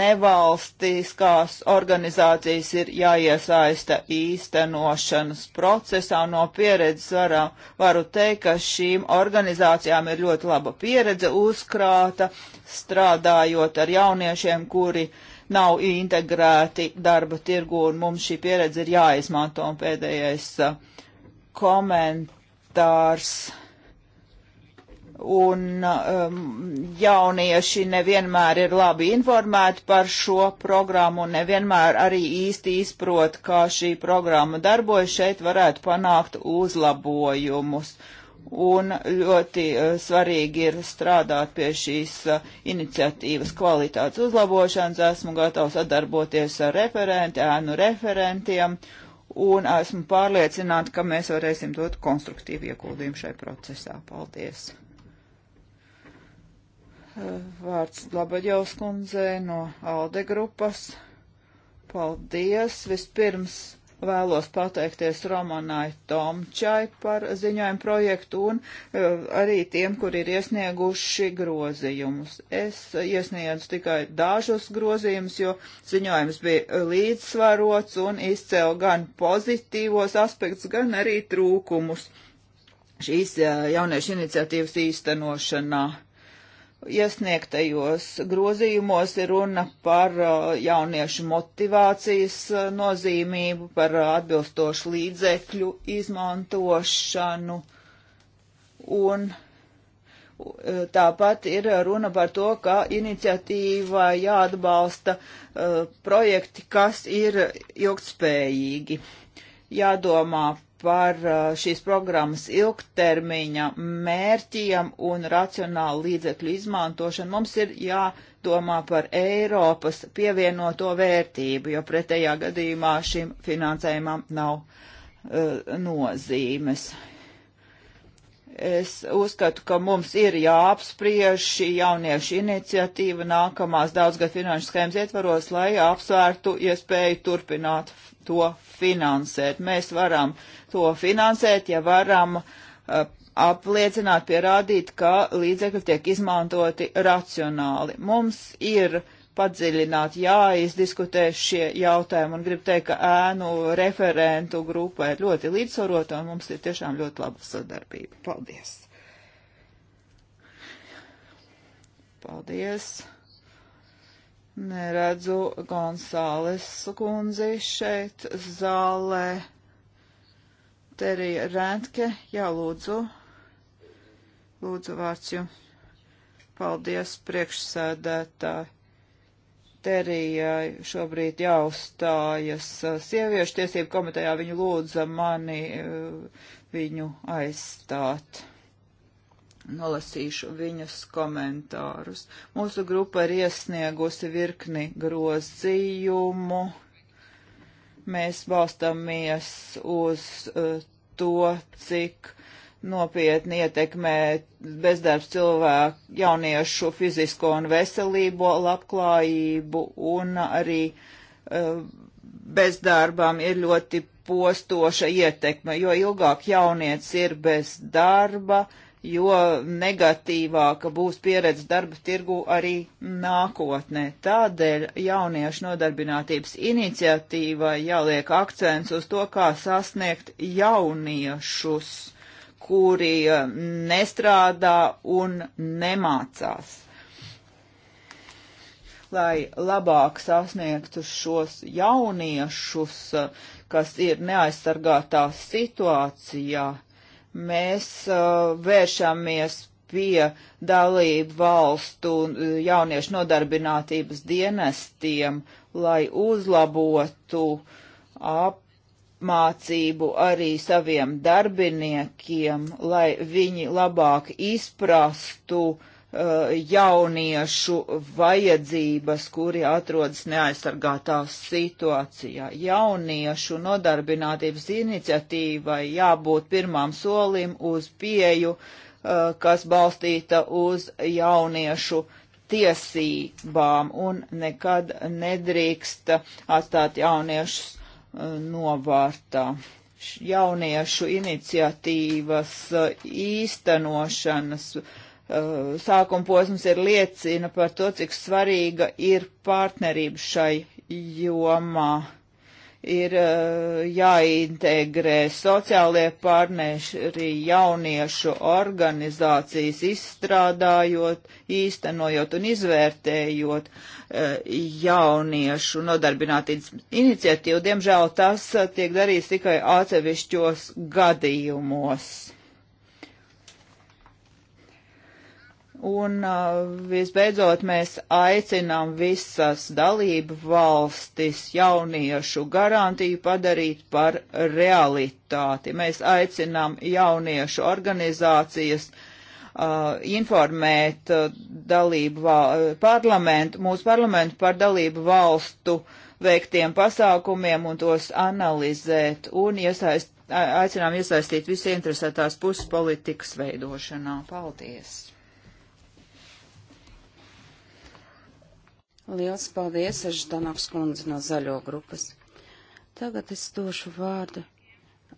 nevalstiskās organizācijas ir jāiesaista īstenošanas procesā. No pieredzes varā, varu teikt, ka šīm organizācijām ir ļoti laba pieredze uzkrāta, strādājot ar jauniešiem, kuri nav integrēti darba tirgu, un mums šī pieredze ir jāizmanto. Un pēdējais eh, komentārs hektārs un um, jaunieši nevienmēr ir labi informēti par šo programmu un nevienmēr arī īsti izprot, kā šī programma darbojas, šeit varētu panākt uzlabojumus. Un ļoti uh, svarīgi ir strādāt pie šīs uh, iniciatīvas kvalitātes uzlabošanas. Esmu gatavs sadarboties ar referenti, ēnu referentiem. Uh, un esmu pārliecināta, ka mēs varēsim dot konstruktīvu ieguldījumu šai procesā. Paldies! Vārds Labaģevs kundzē no Alde grupas. Paldies! Vispirms Vēlos pateikties Romanai Tomčai par ziņojumu projektu un e, arī tiem, kur ir iesnieguši grozījumus. Es iesniedzu tikai dažus grozījumus, jo ziņojums bija līdzsvarots un izcēl gan pozitīvos aspektus, gan arī trūkumus šīs e, jauniešu iniciatīvas īstenošanā iesniegtajos grozījumos ir runa par uh, jauniešu motivācijas uh, nozīmību, par uh, atbilstošu līdzekļu izmantošanu un Tāpat ir runa par to, ka iniciatīvā jāatbalsta uh, projekti, kas ir ilgtspējīgi. Jādomā par uh, šīs programmas ilgtermiņa mērķiem un racionālu līdzekļu izmantošanu. Mums ir jādomā par Eiropas pievienoto vērtību, jo pretējā gadījumā šim finansējumam nav uh, nozīmes. Es uzskatu, ka mums ir jāapspriež šī jauniešu iniciatīva nākamās daudzgad finanšu schēmas ietvaros, lai apsvērtu iespēju turpināt to finansēt. Mēs varam to finansēt, ja varam uh, apliecināt, pierādīt, ka līdzekļi tiek izmantoti racionāli. Mums ir padziļināt, jāizdiskutē šie jautājumi, un gribu teikt, ka ēnu referentu grupa ir ļoti līdzsvarota, un mums ir tiešām ļoti laba sadarbība. Paldies! Paldies! Neredzu Gonzāles kundzi šeit zālē. Terija Rēntke, jā, lūdzu. Lūdzu, vārds jums. Paldies, priekšsēdētāji. Terijai šobrīd jāuzstājas sieviešu tiesību komitejā. Viņu lūdza mani eh, viņu aizstāt nolasīšu viņas komentārus. Mūsu grupa ir iesniegusi virkni grozījumu. Mēs balstamies uz uh, to, cik nopietni ietekmē bezdarbs cilvēku jauniešu fizisko un veselībo labklājību un arī uh, eh, bezdarbām ir ļoti postoša ietekme, jo ilgāk jaunieci ir bez darba, uh, jo negatīvāka būs pieredze darba tirgu arī nākotnē. Tādēļ jauniešu nodarbinātības iniciatīvai jāliek akcents uz to, kā sasniegt jauniešus, kuri eh, nestrādā un nemācās lai labāk sasniegtu šos jauniešus, eh, kas ir neaizsargātā situācijā, mēs uh, vēršamies pie dalību valstu uh, jauniešu nodarbinātības dienestiem, lai uzlabotu apmācību arī saviem darbiniekiem, lai viņi labāk izprastu uh, Uh, jauniešu vajadzības, kuri atrodas neaizsargātā situācijā. Jauniešu nodarbinātības iniciatīvai jābūt pirmām solim uz pieju, uh, kas balstīta uz jauniešu tiesībām un nekad nedrīkst atstāt jauniešus uh, novārtā jauniešu iniciatīvas īstenošanas uh, Eh, sākuma posms ir liecina par to, cik svarīga ir partnerība šai jomā. Ir eh, jāintegrē sociālie partneri, jauniešu organizācijas, izstrādājot, īstenojot un izvērtējot eh, jauniešu nodarbinātības iniciatīvu. Diemžēl tas tiek darīts tikai atsevišķos gadījumos Un uh, visbeidzot, mēs aicinām visas dalību valstis jauniešu garantiju padarīt par realitāti. Mēs aicinām jauniešu organizācijas uh, informēt uh, dalību parlamentu, mūsu parlamentu par dalību valstu veiktiem pasākumiem un tos analizēt un iesaist, aicinām iesaistīt visi interesētās puses politikas veidošanā. Paldies! Liels paldies, Ždanovs kundze no zaļo grupas. Tagad es došu vārdu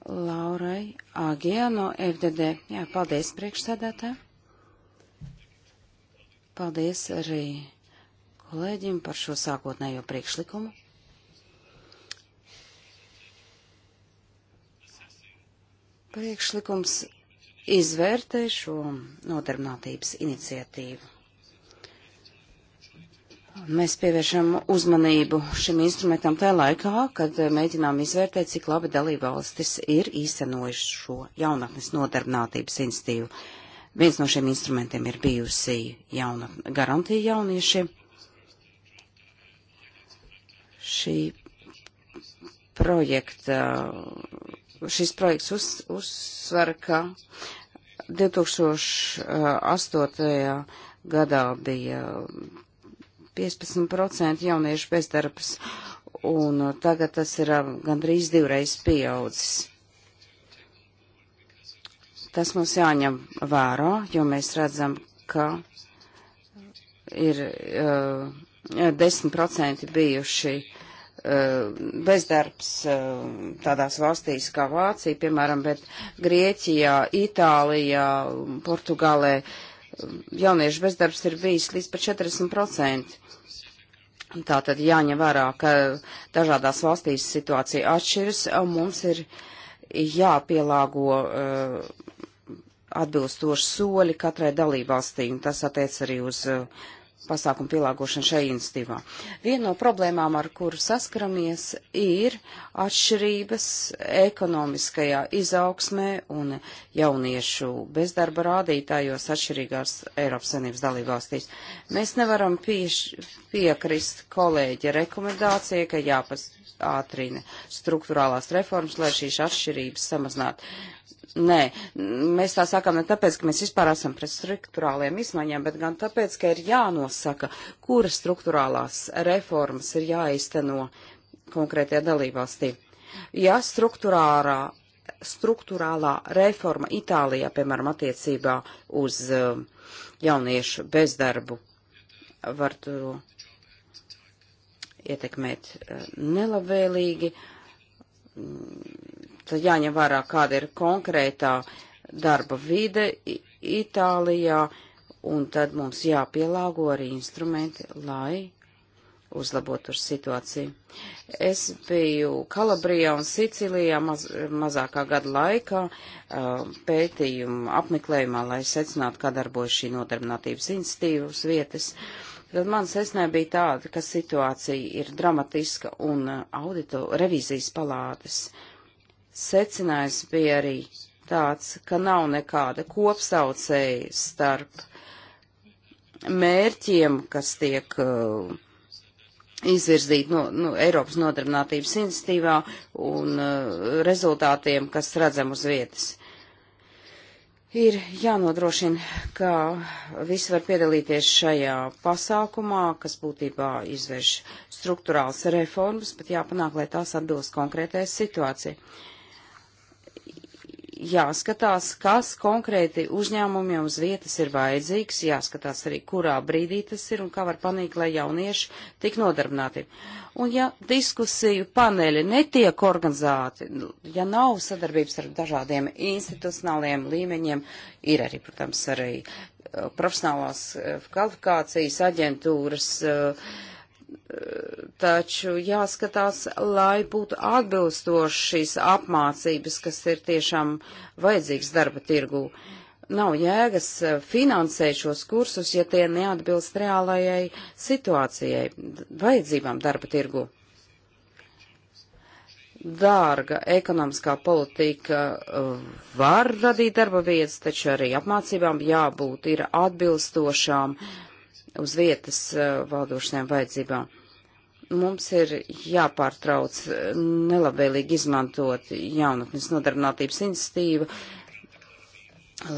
Laurai Agijā no FDD. Jā, paldies priekšsēdētā. Paldies arī kolēģim par šo sākotnējo priekšlikumu. Priekšlikums izvērtē šo nodarbinātības iniciatīvu. Mēs pievēršam uzmanību šim instrumentam tajā laikā, kad mēģinām izvērtēt, cik labi dalībvalstis ir īstenojuši šo jaunatnes nodarbinātības institīvu. Viens no šiem instrumentiem ir bijusi jauna, garantija jauniešiem. Šī projekta, šis projekts uz, uzsver, ka 2008. gadā bija 15% jauniešu bezdarbs, un tagad tas ir um, gandrīz divreiz pieaudzis. Tas mums jāņem vērā, jo mēs redzam, ka ir uh, 10% bijuši uh, bezdarbs uh, tādās valstīs kā Vācija, piemēram, bet Grieķijā, Itālijā, Portugālē uh, jauniešu bezdarbs ir bijis līdz pat 40%. Tā tad jāņem vērā, ka dažādās valstīs situācija atšķiras, un mums ir jāpielāgo uh, atbilstoši soļi katrai dalībvalstī, un tas attiec arī uz uh, pasākumu pielāgošanu šai institīvā. Viena no problēmām, ar kuru saskaramies, ir atšķirības ekonomiskajā izaugsmē un jauniešu bezdarba rādītājos atšķirīgās Eiropas Savienības dalībvalstīs. Mēs nevaram pieš, piekrist kolēģa rekomendācijai, ka jāpas ātrina struktūrālās reformas, lai šīs atšķirības samazinātu. Nē, mēs tā sakām ne tāpēc, ka mēs vispār esam pret struktūrāliem izmaiņām, bet gan tāpēc, ka ir jānosaka, kuras struktūrālās reformas ir jāizteno konkrētajā dalībvalstī. Ja struktūrārā, struktūrālā reforma Itālijā, piemēram, attiecībā uz um, jauniešu bezdarbu, var to ietekmēt uh, nelabvēlīgi, mm, Tad jāņem vērā, kāda ir konkrētā darba vide Itālijā, un tad mums jāpielāgo arī instrumenti, lai uzlabotu situāciju. Es biju Kalabrijā un Sicilijā maz, mazākā gada laikā um, pētījuma apmeklējumā, lai secinātu, kā darbojas šī nodarbinātības institīvas vietas. Tad man sesnē bija tāda, ka situācija ir dramatiska un uh, audito revīzijas palātes secinājums bija arī tāds, ka nav nekāda kopsaucēja starp mērķiem, kas tiek uh, izvirzīti no, no nu, Eiropas nodarbinātības institīvā un uh, rezultātiem, kas redzam uz vietas. Ir jānodrošina, ka visi var piedalīties šajā pasākumā, kas būtībā izvērš struktūrāls reformas, bet jāpanāk, lai tās atbilst konkrētajai situācijai jāskatās, kas konkrēti uzņēmumiem uz vietas ir vajadzīgs, jāskatās arī, kurā brīdī tas ir un kā var panīkt, lai jaunieši tik nodarbināti. Un ja diskusiju paneļi netiek organizēti, ja nav sadarbības ar dažādiem institucionāliem līmeņiem, ir arī, protams, arī eh, profesionālās eh, kvalifikācijas aģentūras. Uh, taču jāskatās, lai būtu atbilstoši šīs apmācības, kas ir tiešām vajadzīgs darba tirgū. Nav jēgas e, finansēt šos kursus, ja tie neatbilst reālajai situācijai, vajadzībām darba tirgū. Dārga ekonomiskā politika e, var radīt darba vietas, taču arī apmācībām jābūt ir atbilstošām uh, uz vietas eh, valdošanām vajadzībām. Mums ir jāpārtrauc eh, nelabvēlīgi izmantot jaunatnes nodarbinātības institīvu,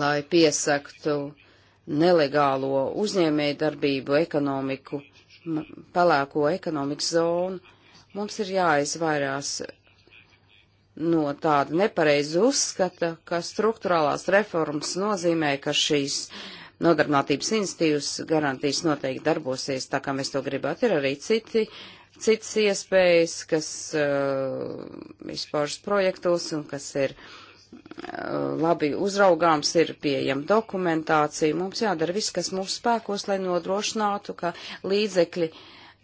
lai piesaktu nelegālo uzņēmēju darbību, ekonomiku, pelēko ekonomikas zonu. Mums ir jāizvairās no tāda nepareiza uzskata, ka struktūrālās reformas nozīmē, ka šīs uh, nodarbinātības institīvas garantijas noteikti darbosies, tā kā mēs to gribētu. Ir arī citi, citas iespējas, kas uh, izpaužas projektos un kas ir uh, labi uzraugāms, ir pieejama dokumentācija. Mums jādara viss, kas mūsu spēkos, lai nodrošinātu, ka līdzekļi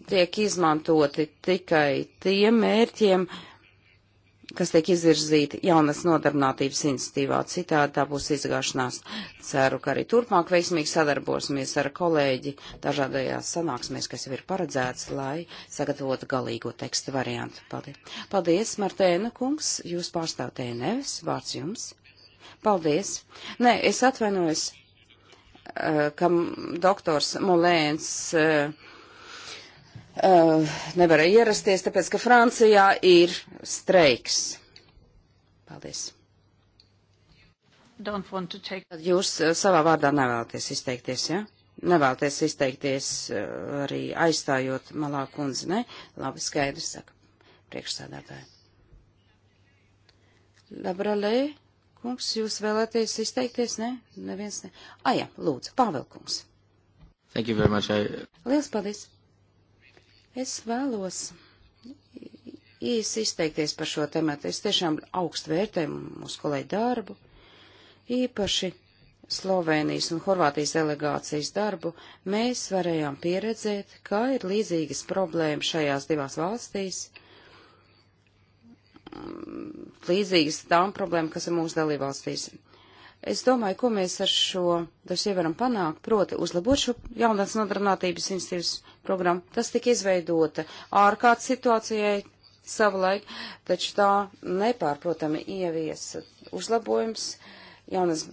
tiek izmantoti tikai tiem mērķiem, uh, kas tiek izvirzīti jaunas nodarbinātības institīvā. Citādi tā būs izgāšanās. Ceru, ka arī turpmāk veiksmīgi sadarbosimies ar kolēģi dažādajās sanāksmēs, kas jau ir paredzēts, lai sagatavotu galīgo tekstu variantu. Paldies. Paldies, Martēna kungs, jūs pārstāvtēja e nevis, vārds jums. Paldies. Nē, es atvainojos, eh, kam doktors Molēns. Uh, uh, eh, nevarēja ierasties, tāpēc, ka Francijā ir streiks. Paldies. Take... Jūs uh, savā vārdā nevēlaties izteikties, ja? Nevēlaties izteikties uh, arī aizstājot malā kundzi, ne? Labi, skaidrs, saka priekšsādātāji. Labralē, kungs, jūs vēlaties izteikties, ne? Neviens ne. Ah, jā, lūdzu, Pāvel kungs. Thank you very much. I... Liels paldies. Es vēlos īsi izteikties par šo tematu. Es tiešām augstu vērtēju mūsu kolēģi darbu, īpaši Slovenijas un Horvātijas delegācijas darbu. Mēs varējām pieredzēt, kā ir līdzīgas problēmas šajās divās valstīs, mm, līdzīgas tām problēmām, kas ir mūsu dalībvalstīs. Es domāju, ko mēs ar šo dosie varam panākt, proti uzlabot šo jaunatnes nodarbinātības institīvas programmu. Tas tika izveidota ārkārtas situācijai savulaik, taču tā nepārprotami ievies uzlabojums jaunas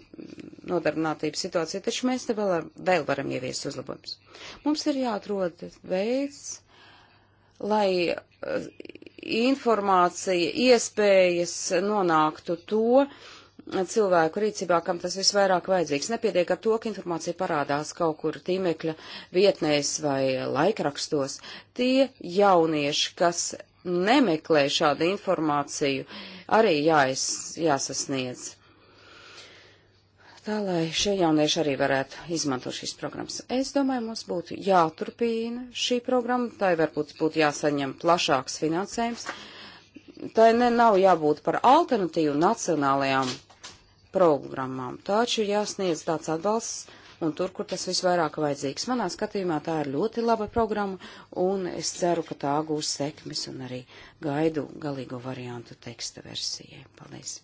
nodarbinātības situācija, taču mēs te vēl, vēl varam ieviest uzlabojums. Mums ir jāatrod veids, lai eh, informācija, iespējas nonāktu to, uh, cilvēku rīcībā, kam tas visvairāk vajadzīgs. Nepietiek ar to, ka informācija parādās kaut kur tīmekļa vietnēs vai laikrakstos. Tie jaunieši, kas nemeklē šādu informāciju, arī jāiz, jāsasniedz. Tā, lai šie jaunieši arī varētu izmantot šīs programmas. Es domāju, mums būtu jāturpina šī programma, tai varbūt būtu jāsaņem plašāks finansējums. Tai ne nav jābūt par alternatīvu nacionālajām programmām. Taču jāsniedz tāds atbalsts un tur, kur tas visvairāk vajadzīgs. Manā skatījumā tā ir ļoti laba programma, un es ceru, ka tā gūs sekmes un arī gaidu galīgo variantu teksta versijai. Paldies!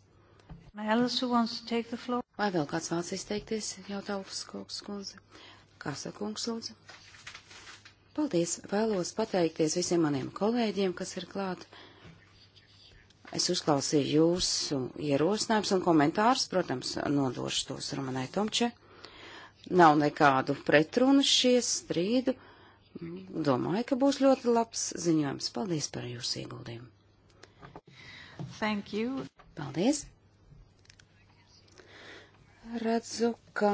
Vai vēl kāds vēlas izteikties, jautā Ufskoks kundze? Kāsa kungs lūdzu? Paldies! Vēlos pateikties visiem maniem kolēģiem, kas ir klāt. Es uzklausīju jūsu ierosinājumus un komentārus, protams, nodošu tos Romanai Tomče. Nav nekādu pretrunu šies strīdu. Domāju, ka būs ļoti labs ziņojums. Paldies par jūsu ieguldījumu. Thank you. Paldies. Redzu, ka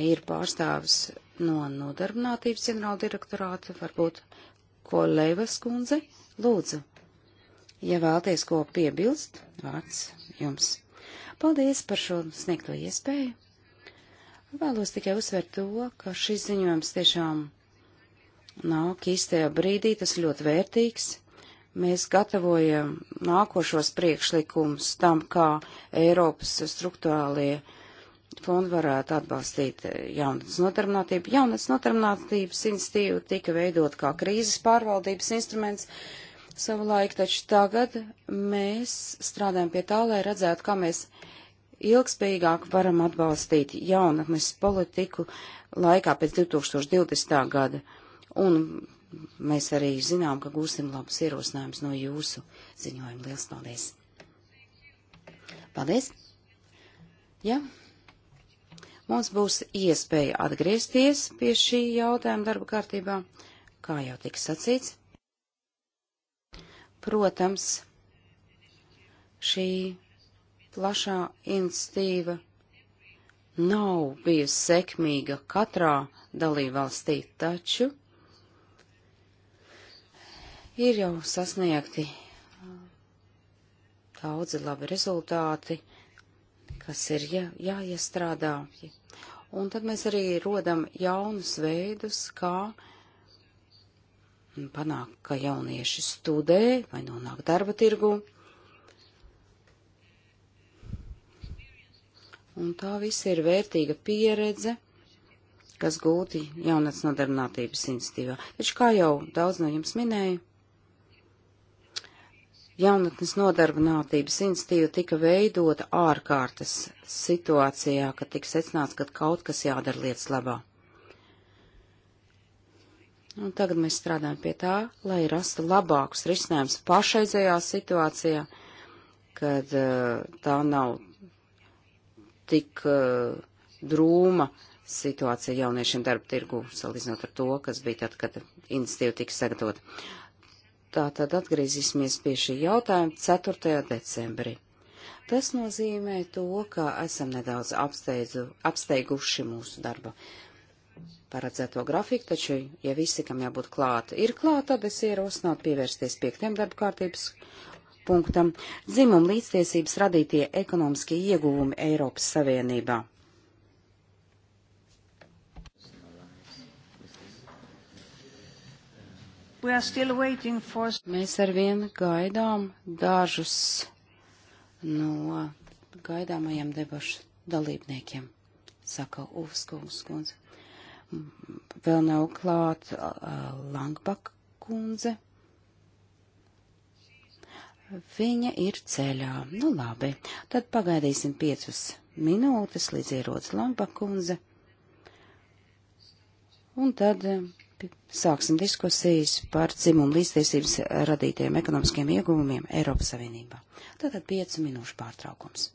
ir pārstāvis no nodarbinātības ģenerāla direktorāta, varbūt ko Leivas kundze lūdzu. Ja vēlties ko piebilst, vārds jums. Paldies par šo sniegto iespēju. Vēlos tikai uzsvērt to, ka šis ziņojums tiešām nāk īstajā brīdī, tas ļoti vērtīgs mēs gatavojam nākošos priekšlikumus tam, kā Eiropas struktūrālie fondu varētu atbalstīt eh, jaunas notarbinātību. Jaunas notarbinātības institīva tika veidot kā krīzes pārvaldības instruments savulaik, taču tagad mēs strādājam pie tā, lai redzētu, kā mēs ilgspējīgāk varam atbalstīt jaunatnes politiku laikā pēc 2020. gada. Un mēs arī zinām, ka gūsim labus ierosinājumus no jūsu ziņojuma. Lielas paldies! Paldies! Ja? Mums būs iespēja atgriezties pie šī jautājuma darba kārtībā, kā jau tika sacīts. Protams, šī plašā institīva nav bijusi sekmīga katrā dalībvalstī, taču ir jau sasniegti uh, daudzi labi rezultāti kas ir jā, jāiestrādā. Un tad mēs arī rodam jaunus veidus, kā panākt, ka jaunieši studē vai nonāk darba tirgu. Un tā viss ir vērtīga pieredze, kas gūti jaunatnes nodarbinātības institīvā. Taču, kā jau daudz no jums minēja, Jaunatnes nodarbinātības institīva tika veidota ārkārtas situācijā, kad tika secināts, ka kaut kas jādara lietas labā. Un tagad mēs strādājam pie tā, lai rastu labākus risinājumus pašreizējā situācijā, kad uh, tā nav tik uh, drūma situācija jauniešiem darba tirgu, salīdzinot ar to, kas bija tad, kad institīva tika sagatavota. Tātad atgriezīsimies pie šī jautājuma 4. decembrī. Tas nozīmē to, ka esam nedaudz apsteidzu, apsteiguši mūsu darba paredzēto grafiku, taču, ja visi, kam jābūt klāt, ir klāt, tad es ierosinātu pievērsties piektiem darba kārtības punktam - dzimuma līdztiesības radītie ekonomiskie ieguvumi Eiropas Savienībā. For... Mēs ar vienu gaidām dažus no gaidāmajiem debašu dalībniekiem, saka Uvskungs kundze. Vēl nav klāt uh, Langbak kundze. Viņa ir ceļā. Nu labi, tad pagaidīsim piecus minūtes, līdz ierodas Langbak kundze. Un tad. Uh, sāksim diskusijas par dzimumu līdztiesības radītiem ekonomiskiem ieguvumiem Eiropas Savienībā. Tātad 5 minūšu pārtraukums.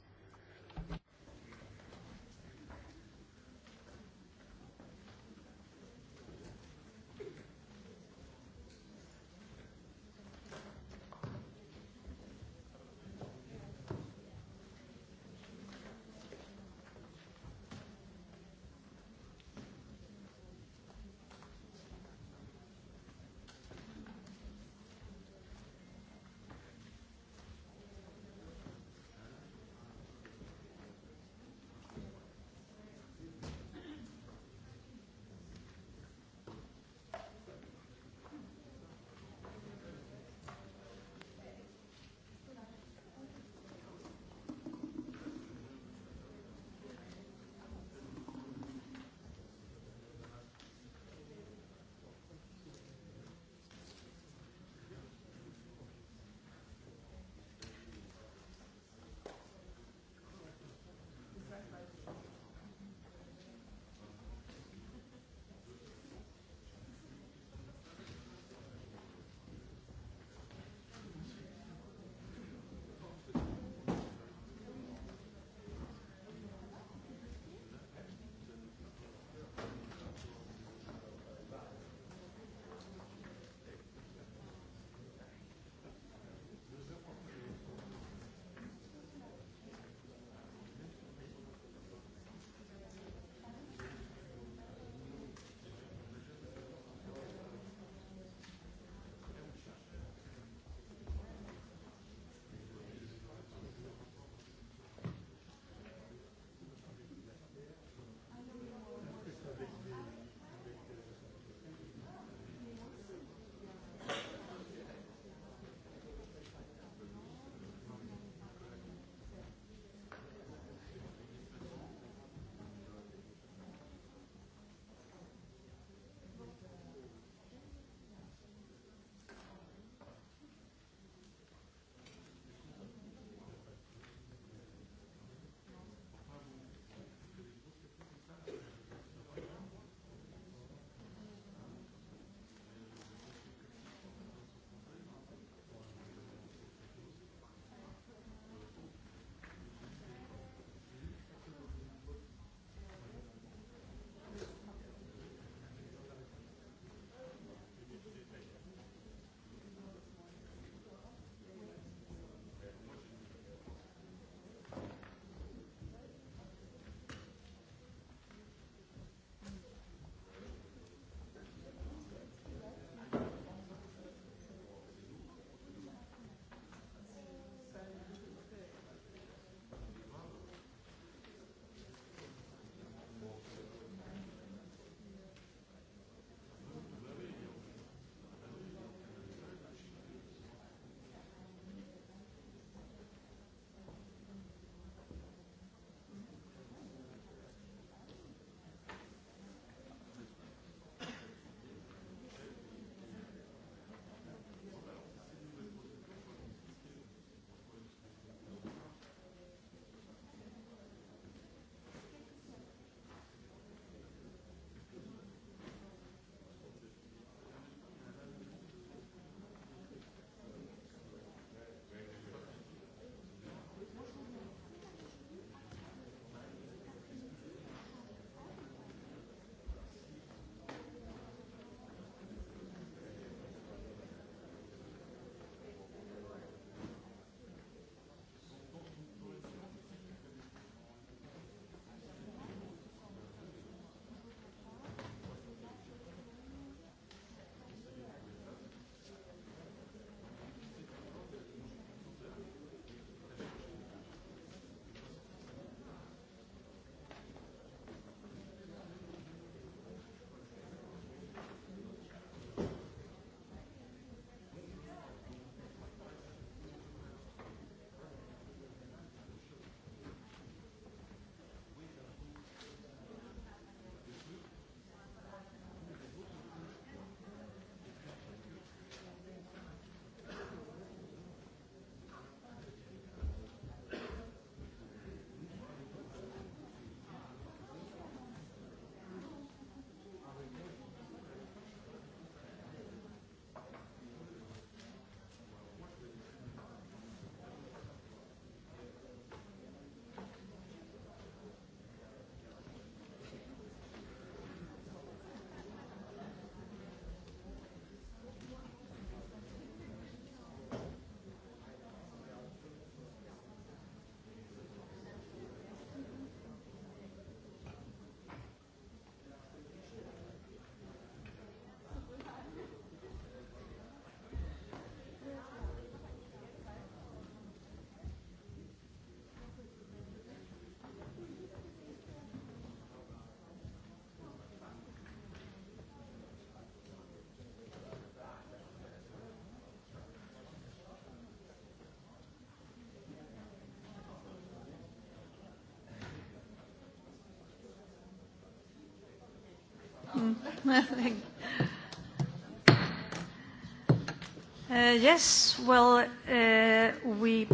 Uh, yes, well, uh, we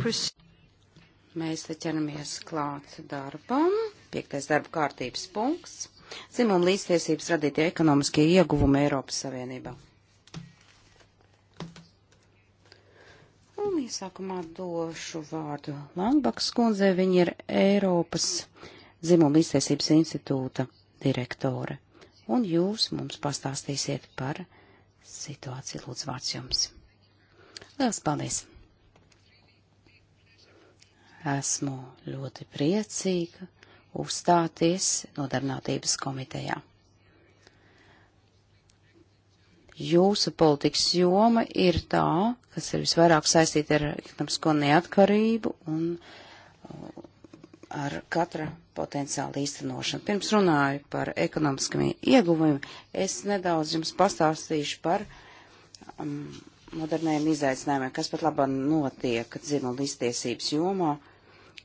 Mēs te ķeramies klāt darbam. Piektais darba kārtības punkts. Dzimuma līdztiesības radītie ekonomiskie ieguvumi Eiropas Savienībā. Un iesākumā došu vārdu Langbaks kundzei. Viņa ir Eiropas Dzimuma līdztiesības institūta direktore un jūs mums pastāstīsiet par situāciju. Lūdzu, vārds jums. Lielas paldies! Esmu ļoti priecīga uzstāties nodarbinātības komitejā. Jūsu politikas joma ir tā, kas ir visvairāk saistīta ar ekonomisko neatkarību un ar katra potenciāla īstenošanu. Pirms runāju par ekonomiskiem ieguvumiem, es nedaudz jums pastāstīšu par um, moderniem izaicinājumiem, kas pat labāk notiek dzimuma līdztiesības jomā,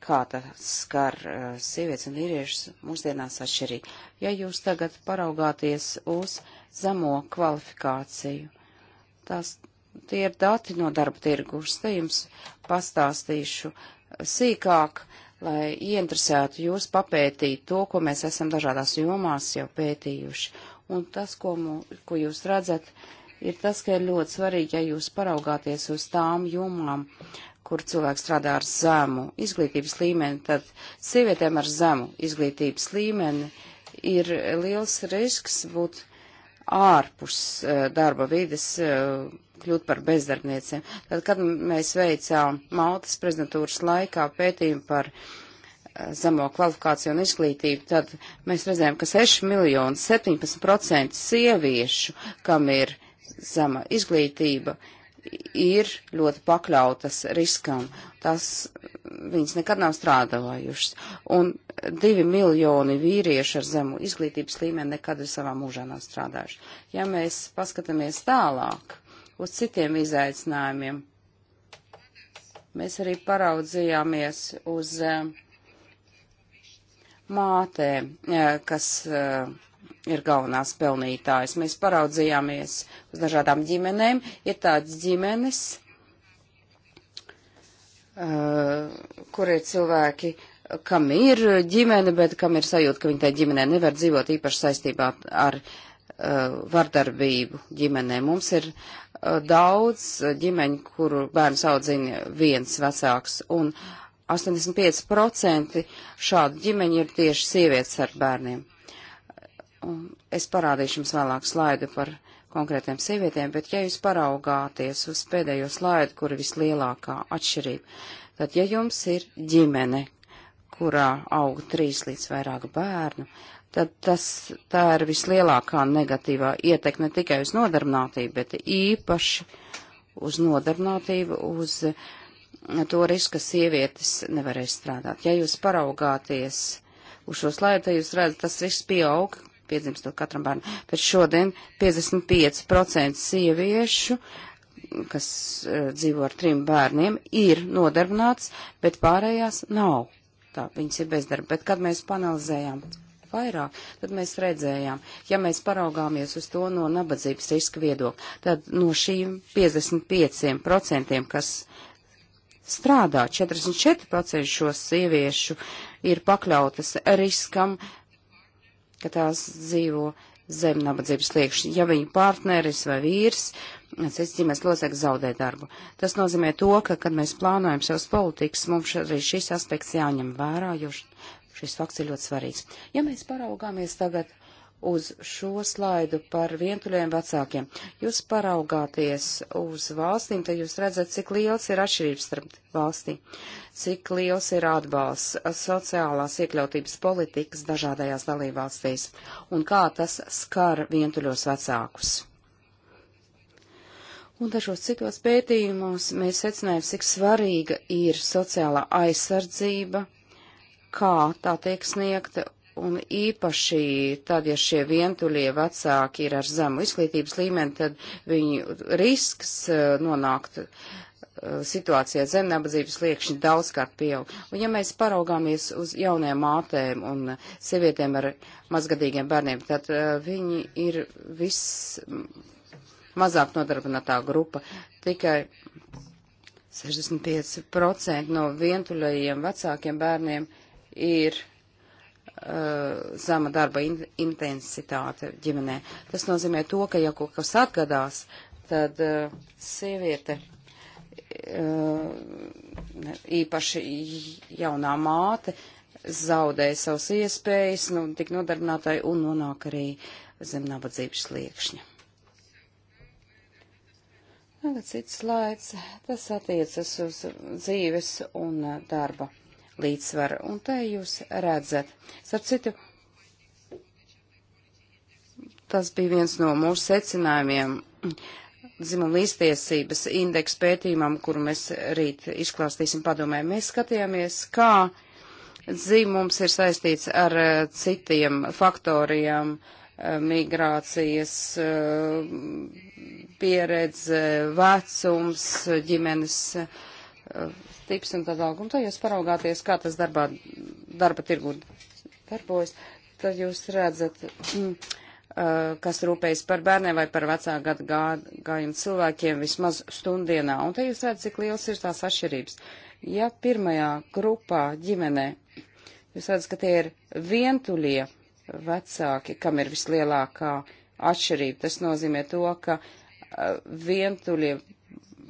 kā tas skar uh, sievietes un vīriešus mūsdienās atšķirīgi. Ja jūs tagad paraugāties uz zemo kvalifikāciju, tās tie ir dati no darba tirgus, te jums pastāstīšu sīkāk. Uh, lai ieinteresētu jūs papētīt to, ko mēs esam dažādās jomās jau pētījuši. Un tas, ko, mu, ko jūs redzat, ir tas, ka ir ļoti svarīgi, ja jūs paraugāties uz tām jomām, kur cilvēks strādā ar zemu izglītības līmeni, tad sievietēm ar zemu izglītības līmeni ir liels risks būt ārpus eh, darba vides eh, kļūt par bezdarbnieciem. Tad, kad mēs veicām Maltas prezidentūras laikā pētījumu par eh, zemo kvalifikāciju un izglītību, tad mēs redzējām, ka 6 miljoni 17% sieviešu, kam ir zema izglītība, ir ļoti pakļautas riskam. Tas viņas nekad nav strādājušas. Un divi miljoni vīrieši ar zemu izglītības līmeni nekad ar savā mūžā nav strādājuši. Ja mēs paskatāmies tālāk uz citiem izaicinājumiem, mēs arī paraudzījāmies uz eh, mātēm, eh, kas eh, ir galvenās pelnītājas. Mēs paraudzījāmies uz dažādām ģimenēm. Ir tādas ģimenes, Uh, kur ir cilvēki, kam ir ģimene, bet kam ir sajūta, ka viņi tajā ģimenē nevar dzīvot īpaši saistībā ar uh, vardarbību ģimenē. Mums ir uh, daudz ģimeņu, kuru bērns audzina viens vecāks, un 85% šādu ģimeņu ir tieši sievietes ar bērniem. Un es parādīšu jums vēlāk slaidu par uh, konkrētiem sievietēm, bet ja jūs paraugāties uz pēdējo slaidu, kur ir vislielākā atšķirība, tad ja jums ir ģimene, kurā aug trīs līdz vairāk bērnu, tad tas, tā ir vislielākā negatīvā ietekme ne tikai uz nodarbinātību, bet īpaši uz nodarbinātību, uz to risku, ka sievietes nevarēs strādāt. Ja jūs paraugāties uz šo slaidu, tad jūs redzat, tas viss pieaug piedzimstot katram bērnam. Bet šodien 55% sieviešu, kas uh, dzīvo ar trim bērniem, ir nodarbināts, bet pārējās nav. Tā, viņas ir bezdarba. Bet kad mēs panalizējām vairāk, tad mēs redzējām, ja mēs paraugāmies uz to no nabadzības riska viedokļa, tad no šīm 55%, kas strādā, 44% šo sieviešu ir pakļautas riskam ka tās dzīvo zem nabadzības sliekšņa. Ja viņa partneris vai vīrs, cits ģimenes loceklis zaudē darbu. Tas nozīmē to, ka, kad mēs plānojam savas politikas, mums arī šis aspekts jāņem vērā, jo šis fakts ir ļoti svarīgs. Ja mēs paraugāmies tagad uz šo slaidu par vientuļiem vecākiem. Jūs paraugāties uz valstīm, tad jūs redzat, cik liels ir atšķirības starp valstīm, cik liels ir atbalsts sociālās iekļautības politikas dažādajās dalībvalstīs un kā tas skar vientuļos vecākus. Un dažos citos pētījumos mēs secinājām, cik svarīga ir sociālā aizsardzība, kā tā tiek sniegta Un īpaši tad, ja šie vientuļie vecāki ir ar zemu izglītības līmeni, tad viņu risks eh, nonākt eh, situācijā zem nabadzības liekšņi daudzkārt pieaug. Un ja mēs paraugāmies uz jaunajām mātēm un sievietēm ar mazgadīgiem bērniem, tad eh, viņi ir viss mazāk nodarbinātā grupa. Tikai 65% no vientuļajiem vecākiem bērniem ir Eh, zema darba in intensitāte ģimenē. Tas nozīmē to, ka ja kaut kas atgadās, tad uh, sieviete uh, īpaši jaunā māte zaudēja savas iespējas, nu, tik nodarbinātāji un nonāk arī zem nabadzības sliekšņa. Tagad cits slaids. Tas attiecas uz dzīves un darba līdzsvaru. Un te jūs redzat. Starp citu, tas bija viens no mūsu secinājumiem dzimuma līdztiesības indeksu pētījumam, kuru mēs rīt izklāstīsim padomē. Mēs skatījāmies, kā dzimums ir saistīts ar eh, citiem faktoriem, eh, migrācijas eh, pieredze, vecums, ģimenes tips un tad auguma, tad jūs paraugāties, kā tas darbā, darba tirgu darbojas, tad jūs redzat, mm, kas rūpējas par bērniem vai par vecāku gadu gājumu cilvēkiem vismaz stundienā. Un te jūs redzat, cik liels ir tās atšķirības. Ja pirmajā grupā ģimenē jūs redzat, ka tie ir vientuļie vecāki, kam ir vislielākā atšķirība, tas nozīmē to, ka vientuļie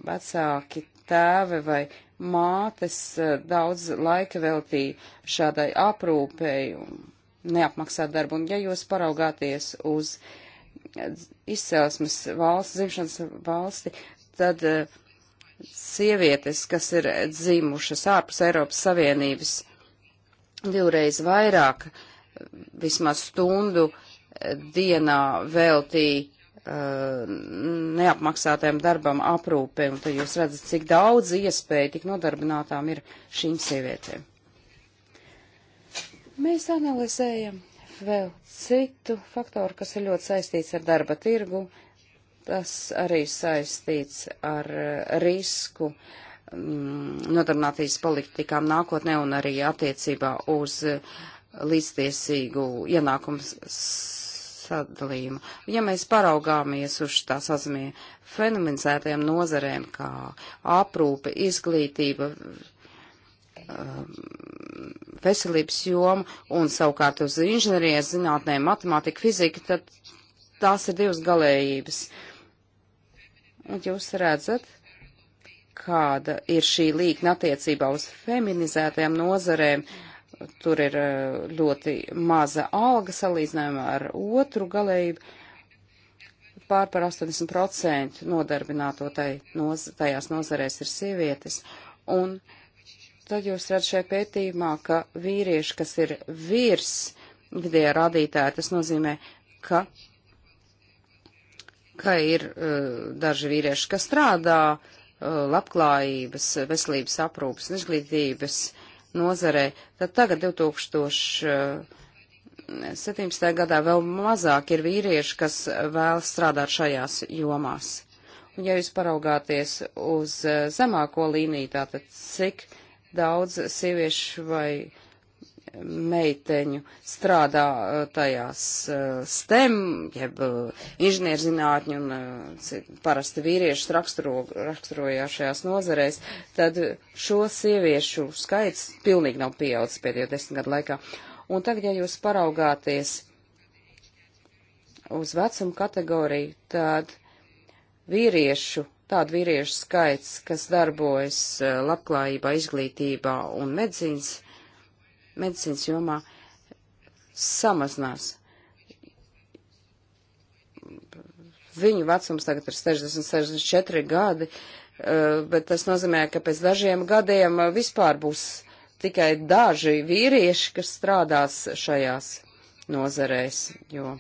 vecāki tēvi vai mātes eh, daudz laika veltīja šādai aprūpēji un neapmaksāt darbu. Un ja jūs paraugāties uz eh, izcelsmes valsts, dzimšanas valsti, tad eh, sievietes, kas ir dzimušas ārpus Eiropas Savienības, divreiz vairāk vismaz stundu dienā veltīja Uh, neapmaksātajam darbam aprūpe, un tad jūs redzat, cik daudz iespēju tik nodarbinātām ir šīm sievietēm. Mēs analizējam vēl citu faktoru, kas ir ļoti saistīts ar darba tirgu. Tas arī saistīts ar risku mm, nodarbinātības politikām nākotnē un arī attiecībā uz līdztiesīgu ienākums sadalījumu. Ja mēs paraugāmies uz tā sazmie fenomenizētajām nozarēm, kā aprūpe, izglītība, um, veselības jomu un savukārt uz inženierijas zinātnēm, matemātika, fizika, tad tās ir divas galējības. Un jūs redzat, kāda ir šī līkna attiecībā uz feminizētajām nozarēm. Uh, tur ir eh, ļoti maza alga salīdzinājumā ar otru galējību. Pār par 80% nodarbināto tai, noz, tajās nozarēs ir sievietes. Un tad jūs redzat šajā pētījumā, ka vīrieši, kas ir virs vidējā rādītāja, tas nozīmē, ka, ka ir uh, daži vīrieši, kas strādā uh, labklājības, veselības aprūpas, izglītības nozarē, tad tagad 2017. Eh, gadā vēl mazāk ir vīrieši, kas vēlas strādāt šajās jomās. Un ja jūs paraugāties uz eh, zemāko līniju, tātad cik daudz sieviešu vai uh, meiteņu strādā eh, tajās eh, STEM, jeb eh, inženierzinātņu un parasti vīrieši raksturo, raksturojās šajās nozarēs, tad šo sieviešu skaits pilnīgi nav pieaudzis pēdējo desmit gadu laikā. Un tagad, ja jūs paraugāties uz vecumu kategoriju, tad vīriešu tādu vīriešu skaits, kas darbojas labklājībā, izglītībā un medicīnas medicīnas jomā samazinās. Viņu vecums tagad ir 60, 64 gadi, eh, bet tas nozīmē, ka pēc dažiem gadiem eh, vispār būs tikai daži vīrieši, kas strādās šajās nozarēs, jo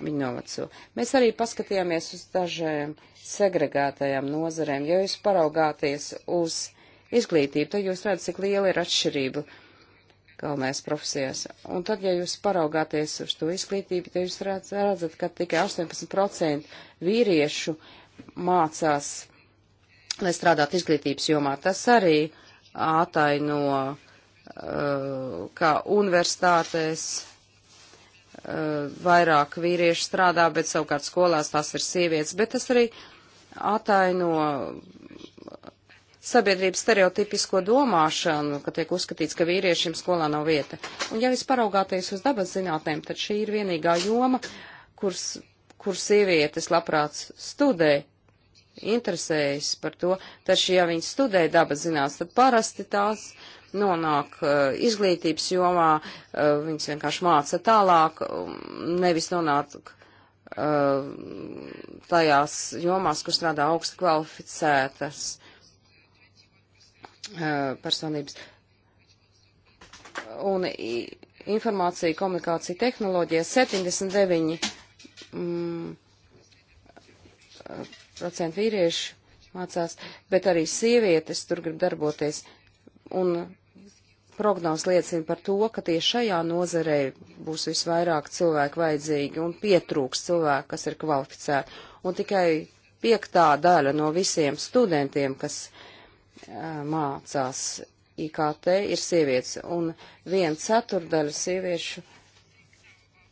viņi novaco. Mēs arī paskatījāmies uz dažiem segregētajām nozarēm. Ja jūs paraugāties uz izglītību, tad jūs redzat, cik liela ir atšķirība galvenais profesijās. Un tad, ja jūs paraugāties uz to izglītību, tad jūs redzat, ka tikai 18% vīriešu mācās, lai strādātu izglītības jomā. Tas arī ātaino, uh, kā universitātēs uh, vairāk vīrieši strādā, bet savukārt skolās tās ir sievietes, bet tas arī ataino sabiedrības stereotipisko domāšanu, ka tiek uzskatīts, ka vīriešiem skolā nav vieta. Un ja visparaugāties uz dabas zinātnēm, tad šī ir vienīgā joma, kurs, kur sievietes labprāt studē, interesējas par to, taču ja viņas studē dabas zinās, tad parasti tās nonāk uh, izglītības jomā, uh, viņas vienkārši māca tālāk, um, nevis nonāk uh, tajās jomās, kur strādā augsti kvalificētas Uh, personības. Un informācija, komunikācija, tehnoloģija 79 mm, uh, procentu vīrieši mācās, bet arī sievietes tur grib darboties. Un prognoz liecina par to, ka tieši šajā nozarē būs visvairāk cilvēku vajadzīgi un pietrūks cilvēku, kas ir kvalificēti. Un tikai piektā daļa no visiem studentiem, kas uh, mācās IKT, ir sievietes, un viena ceturdaļa sieviešu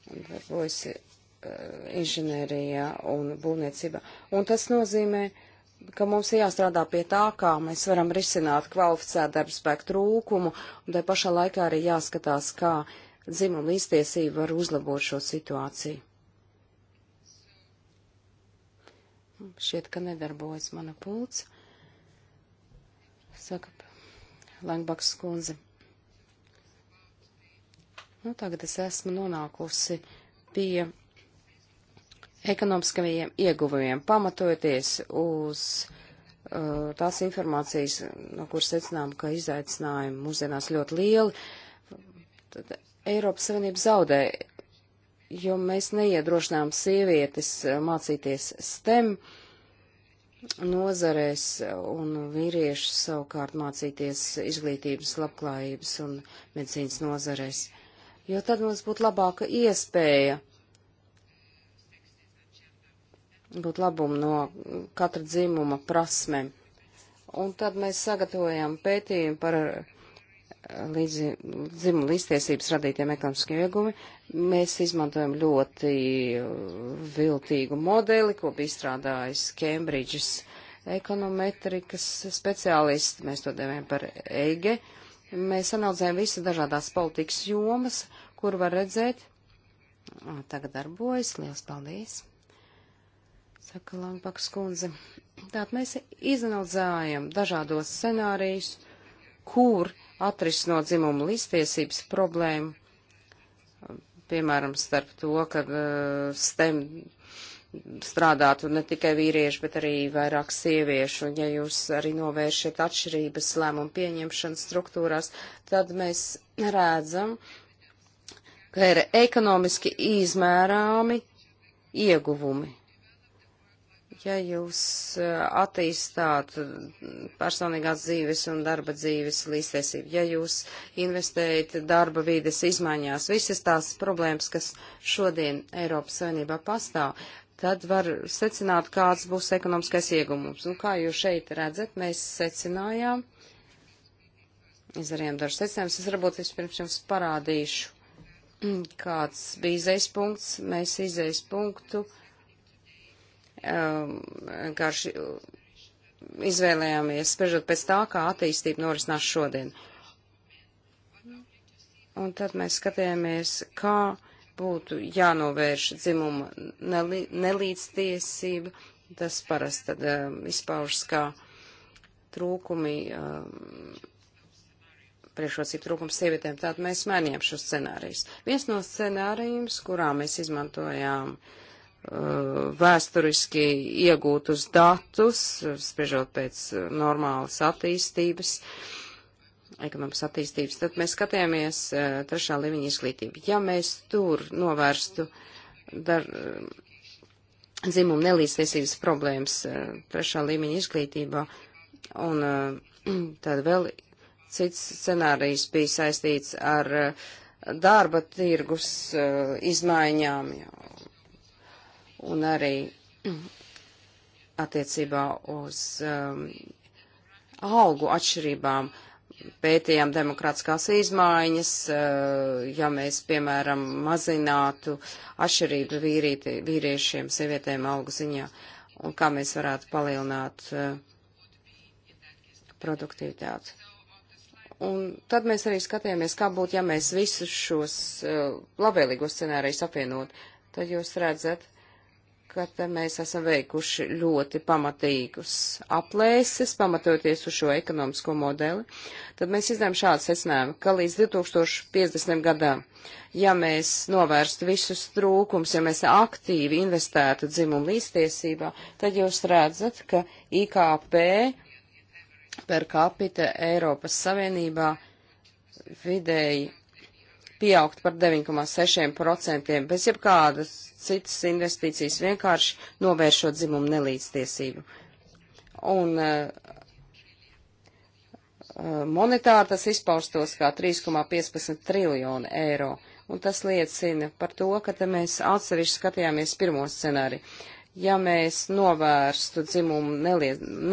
darbojas eh, inženērijā un būvniecībā. Un tas nozīmē, ka mums ir jāstrādā pie tā, kā mēs varam risināt kvalificētu darba spēku trūkumu, un tai pašā laikā arī jāskatās, kā dzimuma līdztiesība var uzlabot šo situāciju. Šķiet, ka nedarbojas mana pulca saka Langbaks skundze. Nu, tagad es esmu nonākusi pie ekonomiskajiem ieguvumiem, pamatojoties uz uh, tās informācijas, no kuras secinām, ka izaicinājumi mūsdienās ļoti lieli. Tad Eiropas Savienība zaudē, jo mēs neiedrošinām sievietes uh, mācīties STEM. Uh, nozarēs un vīrieši savukārt mācīties izglītības, labklājības un medicīnas nozarēs, jo tad mums būtu labāka iespēja būt labumu no katra dzimuma prasmēm. Un tad mēs sagatavojam pētījumu par līdz dzimuma līdztiesības radītiem ekonomiskiem iegumi, mēs izmantojam ļoti uh, viltīgu modeli, ko bija izstrādājis Kembridžas ekonometrikas speciālisti, mēs to devējam par EIGE. Mēs analizējam visu dažādās politikas jomas, kur var redzēt, tagad darbojas, liels paldies, saka Langpaks kundze. Tātad mēs izanalizējam dažādos scenārijus, kur uh, atrisinot dzimumu līdztiesības problēmu, um, piemēram, starp to, ka uh, STEM strādātu ne tikai vīrieši, bet arī vairāk sieviešu, un ja jūs arī novēršiet atšķirības lēmumu pieņemšanas struktūrās, tad mēs redzam, ka ir ekonomiski izmērāmi ieguvumi Ja jūs eh, attīstāt personīgās dzīves un darba dzīves līdztiesību, ja jūs investējat darba vīdes izmaiņās, visas tās problēmas, kas šodien Eiropas Savienībā pastāv, tad var secināt, kāds būs ekonomiskais iegumums. Un kā jūs šeit redzat, mēs secinājām, izdarījām dažus secinājumus, es varbūt vispirms jums parādīšu, kāds bija izējas punkts, mēs izējas punktu vienkārši um, izvēlējāmies, spriežot pēc tā, kā attīstība norisinās šodien. Un tad mēs skatījāmies, kā būtu jānovērš dzimuma nelīdztiesība. Tas parasti tad um, izpaužas kā trūkumi, um, priekšrocību trūkums sievietēm. Tātad mēs mainījām šos scenārijus. Viens no scenārijiem, kurā mēs izmantojām uh, vēsturiski iegūtus datus, spriežot pēc normālas attīstības, ekonomikas attīstības, tad mēs skatījāmies e, trešā līmeņa izglītību. Ja mēs tur novērstu dar, e, dzimumu nelīdztiesības problēmas e, trešā līmeņa izglītībā, un tad vēl cits scenārijs bija saistīts ar darba tirgus izmaiņām, jau un arī attiecībā uz um, algu atšķirībām pētījām demokrātiskās izmaiņas, uh, ja mēs, piemēram, mazinātu atšķirību vīrīti, vīriešiem, sievietēm algu ziņā, un kā mēs varētu palielināt uh, produktivitāti. Un tad mēs arī skatījāmies, kā būtu, ja mēs visus šos uh, labvēlīgos scenārijus apvienot. Tad jūs redzat, ka mēs esam veikuši ļoti pamatīgus aplēses, pamatoties uz šo ekonomisko modeli, tad mēs izdām šādu secinājumu, ka līdz 2050. gadam, ja mēs novērstu visus trūkums, ja mēs aktīvi investētu dzimumu līdztiesībā, tad jūs redzat, ka IKP per capita Eiropas Savienībā vidēji pieaugt par 9,6% bez jebkādas citas investīcijas, vienkārši novēršot dzimumu nelīdztiesību. Un eh, eh, monetāri tas izpaustos kā 3,15 triljonu eiro. Un tas liecina par to, ka te mēs atsevišķi skatījāmies pirmo scenāriju. Ja mēs novērstu dzimumu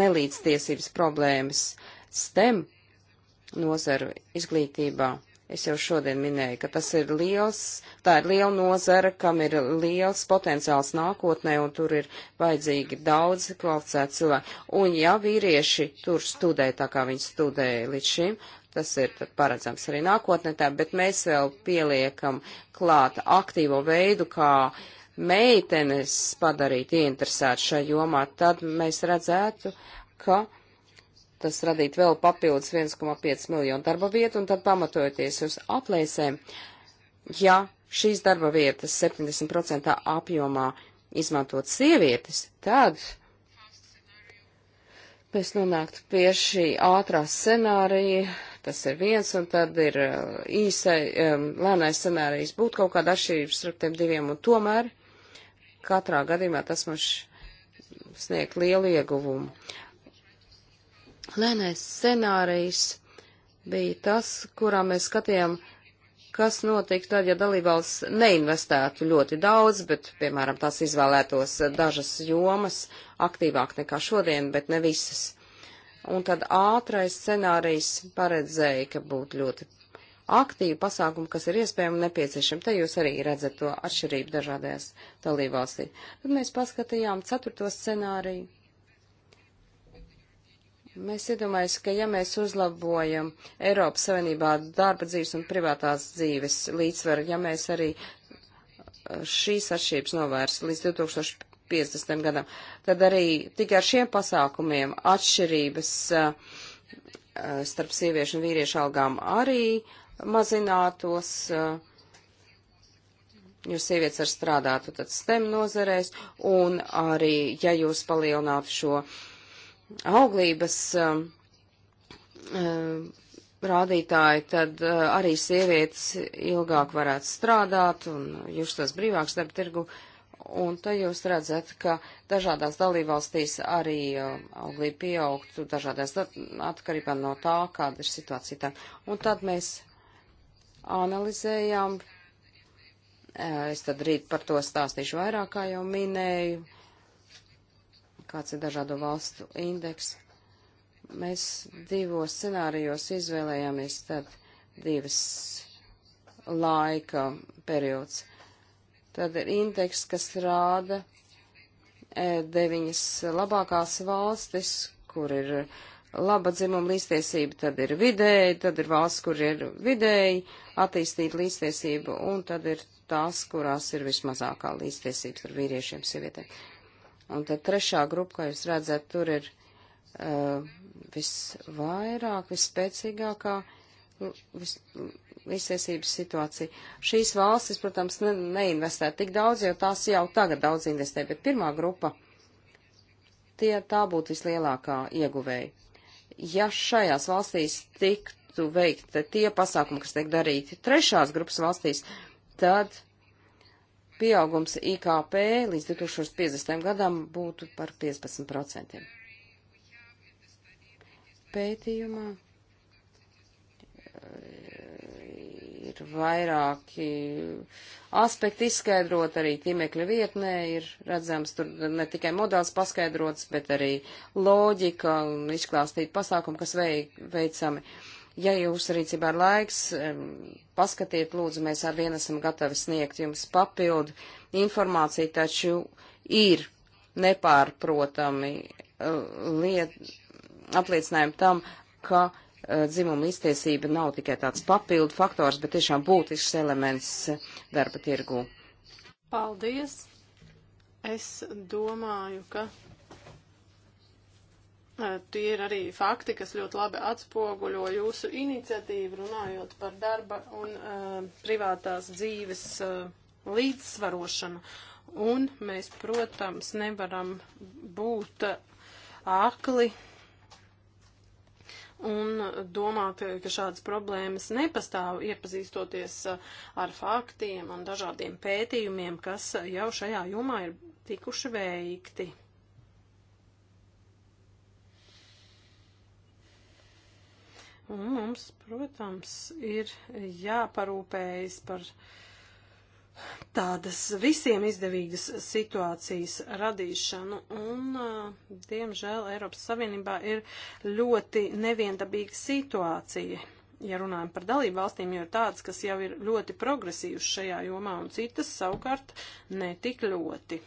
nelīdztiesības problēmas STEM nozaru izglītībā, Es jau šodien minēju, ka tas ir liels, tā ir liela nozara, kam ir liels potenciāls nākotnē, un tur ir vajadzīgi daudz kvalificētu cilvēku. Un ja vīrieši tur studē tā, kā viņi studēja līdz šim, tas ir paredzams arī nākotnē, tā, bet mēs vēl pieliekam klāt aktīvo veidu, kā meitenes padarīt interesēt šajā jomā, tad mēs redzētu, ka tas radītu vēl papildus 1,5 miljonu darba vietu, un tad pamatojoties uz aplēsēm, ja šīs darba vietas 70% apjomā izmantot sievietes, tad mēs nonāktu pie šī ātrā scenārija, tas ir viens, un tad ir uh, īsai, um, lēnais scenārijs būt kaut kāda atšķirības starp tiem diviem, un tomēr katrā gadījumā tas mums sniegt lielu ieguvumu. Lēnais scenārijs bija tas, kurā mēs skatījām, kas notiktu tad, ja dalībvalsts neinvestētu ļoti daudz, bet, piemēram, tās izvēlētos dažas jomas aktīvāk nekā šodien, bet ne visas. Un tad ātrais scenārijs paredzēja, ka būtu ļoti aktīvi pasākumi, kas ir iespējami un nepieciešami. Te jūs arī redzat to atšķirību dažādajās dalībvalstī. Tad mēs paskatījām ceturto scenāriju Mēs iedomājamies, ka ja mēs uzlabojam Eiropas Savienībā darba dzīves un privātās dzīves līdzsvaru, ja mēs arī uh, šīs atšķirības novērs līdz 2050. gadam, tad arī tikai ar šiem pasākumiem atšķirības uh, uh, starp sieviešu un vīriešu algām arī mazinātos, jo sievietes ar strādātu tad stem nozerēs, un arī, ja jūs palielinātu šo uh, auglības um, um, rādītāji, tad uh, arī sievietes ilgāk varētu strādāt un justos brīvāks darba tirgu. Un te jūs redzat, ka dažādās dalībvalstīs arī uh, auglība pieaugtu, dažādās atkarībā no tā, kāda ir situācija. Tā. Un tad mēs analizējām, es tad rīt par to stāstīšu vairāk, kā jau minēju, uh, kāds ir dažādu valstu indeks. Mēs divos scenārijos izvēlējāmies tad divas laika periods. Tad ir indeks, kas rāda e, deviņas labākās valstis, kur ir laba dzimuma līdztiesība, tad ir vidēji, tad ir valsts, kur ir vidēji attīstīta līdztiesība, un tad ir tās, kurās ir vismazākā līdztiesības ar vīriešiem sievietēm. Un tad trešā grupa, kā jūs redzat, tur ir uh, visvairāk, visspēcīgākā vis, visiesības situācija. Šīs valstis, protams, ne, neinvestē tik daudz, jo tās jau tagad daudz investē, bet pirmā grupa, tie tā būtu vislielākā ieguvēja. Ja šajās valstīs tiktu veikta tie pasākumi, kas tiek darīti trešās grupas valstīs, tad pieaugums IKP līdz 2050. gadam būtu par 15%. Pētījumā eh, ir vairāki aspekti izskaidrot, arī tīmekļa vietnē ir redzams, tur ne tikai modelis paskaidrots, bet arī loģika un izklāstīt pasākumu, kas veik, veicami. Uh, Ja jūs rīcībā ir laiks, paskatiet, lūdzu, mēs ar vienu esam gatavi sniegt jums papildu informāciju, taču ir nepārprotami e, liet, apliecinājumi tam, ka e, dzimuma iztiesība nav tikai tāds papildu faktors, bet tiešām būtisks elements e, darba tirgū. Paldies! Es domāju, ka Tie ir arī fakti, kas ļoti labi atspoguļo jūsu iniciatīvu runājot par darba un uh, privātās dzīves uh, līdzsvarošanu. Un mēs, protams, nevaram būt akli un domāt, ka šādas problēmas nepastāv, iepazīstoties ar faktiem un dažādiem pētījumiem, kas jau šajā jomā ir tikuši veikti. Un mums, protams, ir jāparūpējas par tādas visiem izdevīgas situācijas radīšanu, un, diemžēl, Eiropas Savienībā ir ļoti neviendabīga situācija. Ja runājam par dalību valstīm, jo ir tādas, kas jau ir ļoti progresīvas šajā jomā, un citas savukārt netik ļoti.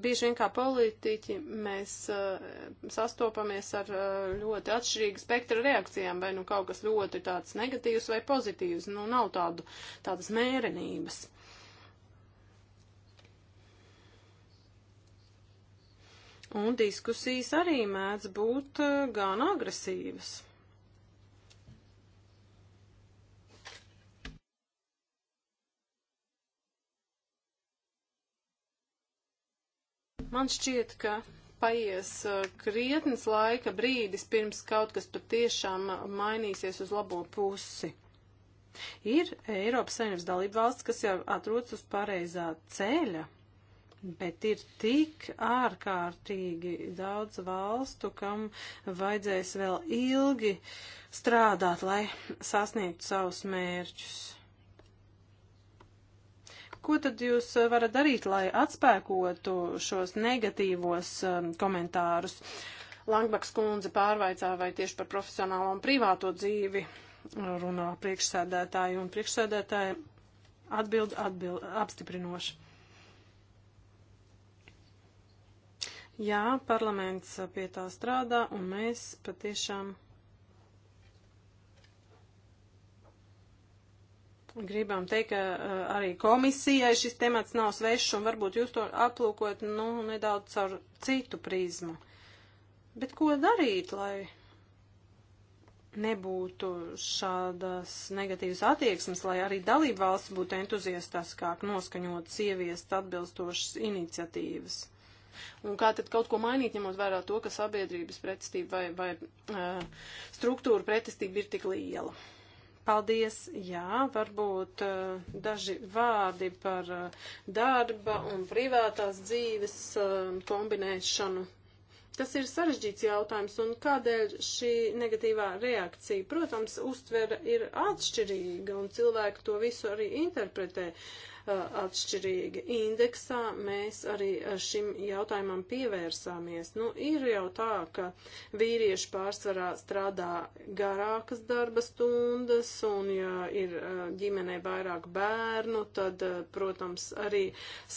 Bieži vien kā politiķi mēs uh, sastopamies ar uh, ļoti atšķirīgu spektru reakcijām, vai nu kaut kas ļoti tāds negatīvs vai pozitīvs, nu nav tādu, tādas mērenības. Un diskusijas arī mēdz būt uh, gan agresīvas. Man šķiet, ka paies uh, krietnes laika brīdis, pirms kaut kas patiešām uh, mainīsies uz labo pusi. Ir Eiropas Savienības dalība valsts, kas jau atrodas uz pareizā ceļa, bet ir tik ārkārtīgi daudz valstu, kam vajadzēs vēl ilgi strādāt, lai sasniegtu savus mērķus. Ko tad jūs eh, varat darīt, lai atspēkotu šos negatīvos um, komentārus? Langbaks kundze pārvaicā, vai tieši par profesionālo un privāto dzīvi runā priekšsēdētāji, un priekšsēdētāji atbild, atbild apstiprinoši. Jā, parlaments pie tā strādā, un mēs patiešām. gribam teikt, ka eh, arī komisijai šis temats nav svešs un varbūt jūs to aplūkot, nu, nedaudz caur citu prizmu. Bet ko darīt, lai nebūtu šādas negatīvas attieksmes, lai arī dalība valsts būtu entuziastiskāk noskaņot sieviest atbilstošas iniciatīvas. Un kā tad kaut ko mainīt, ņemot vērā to, ka sabiedrības pretestība vai, vai uh, struktūra pretestība ir tik liela? Paldies, jā, varbūt uh, daži vārdi par uh, darba un privātās dzīves uh, kombinēšanu. Tas ir sarežģīts jautājums, un kādēļ šī negatīvā reakcija? Protams, uztvere ir atšķirīga, un cilvēki to visu arī interpretē. Uh, atšķirīgi. Indeksā mēs arī šim jautājumam pievērsāmies. Nu, ir jau tā, ka vīrieši pārsvarā strādā garākas darba stundas, un ja ir ģimenē vairāk bērnu, tad, protams, arī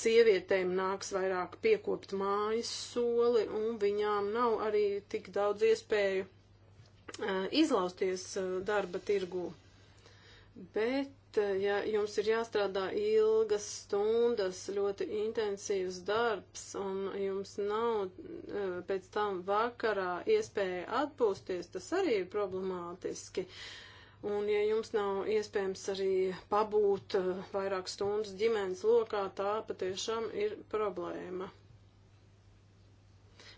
sievietēm nāks vairāk piekopt mājas soli, un viņām nav arī tik daudz iespēju izlausties darba tirgū. Bet Eh, ja jums ir jāstrādā ilgas stundas, ļoti intensīvs darbs, un jums nav eh, pēc tam vakarā iespēja atpūsties, tas arī ir problemātiski. Un ja jums nav iespējams arī pabūt eh, vairāk stundas ģimenes lokā, tā patiešām ir problēma.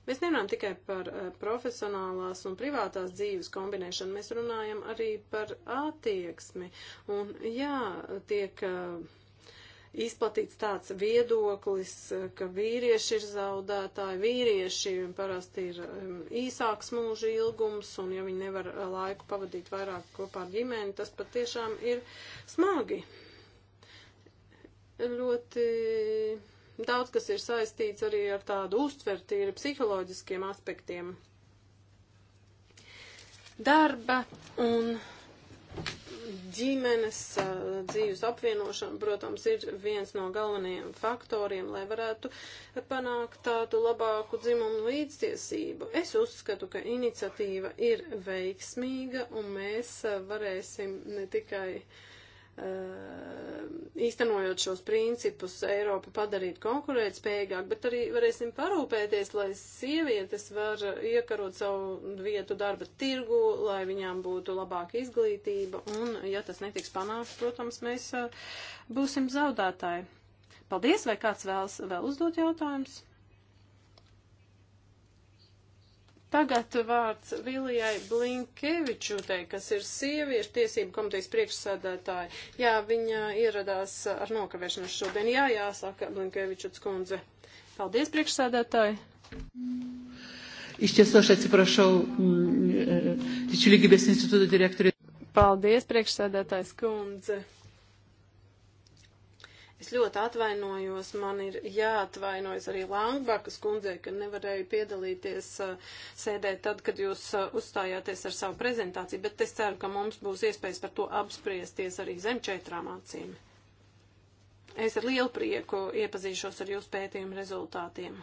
Mēs nerunājam tikai par eh, profesionālās un privātās dzīves kombinēšanu, mēs runājam arī par attieksmi. Un jā, tiek eh, izplatīts tāds viedoklis, eh, ka vīrieši ir zaudētāji, vīrieši parasti ir īsāks mūža ilgums, un ja viņi nevar laiku pavadīt vairāk kopā ar ģimeni, tas patiešām ir smagi. Ļoti Daudz kas ir saistīts arī ar tādu uztveru, tīri psiholoģiskiem aspektiem. Darba un ģimenes dzīves apvienošana, protams, ir viens no galvenajiem faktoriem, lai varētu panākt tādu labāku dzimumu līdztiesību. Es uzskatu, ka iniciatīva ir veiksmīga un mēs varēsim ne tikai uh, Eh, īstenojot šos principus, Eiropu padarīt konkurētspējīgāk, bet arī varēsim parūpēties, lai sievietes var iekarot savu vietu darba tirgu, lai viņām būtu labāka izglītība, un, ja tas netiks panākts, protams, mēs eh, būsim zaudētāji. Paldies, vai kāds vēlas vēl uzdot jautājumus? Tagad vārds Vilijai Blinkevičūtei, kas ir sieviešu tiesību komitejas priekšsēdētāja. Jā, viņa ieradās ar nokavēšanos šodien. Jā, jā, saka Blinkevičūtas kundze. Paldies, priekšsēdētāji. Išties, mm, e, e, e, aš atsiprašau, lyčių lygybės instituto direktorė. Paldies, priekšsēdētājs kundze. Es ļoti atvainojos, man ir jāatvainojas arī Langbakas kundzei, ka nevarēju piedalīties uh, sēdē tad, kad jūs uh, uzstājāties ar savu prezentāciju, bet es ceru, ka mums būs iespējas par to apspriesties arī zem četrām acīm. Es ar lielu prieku iepazīšos ar jūsu pētījumu rezultātiem.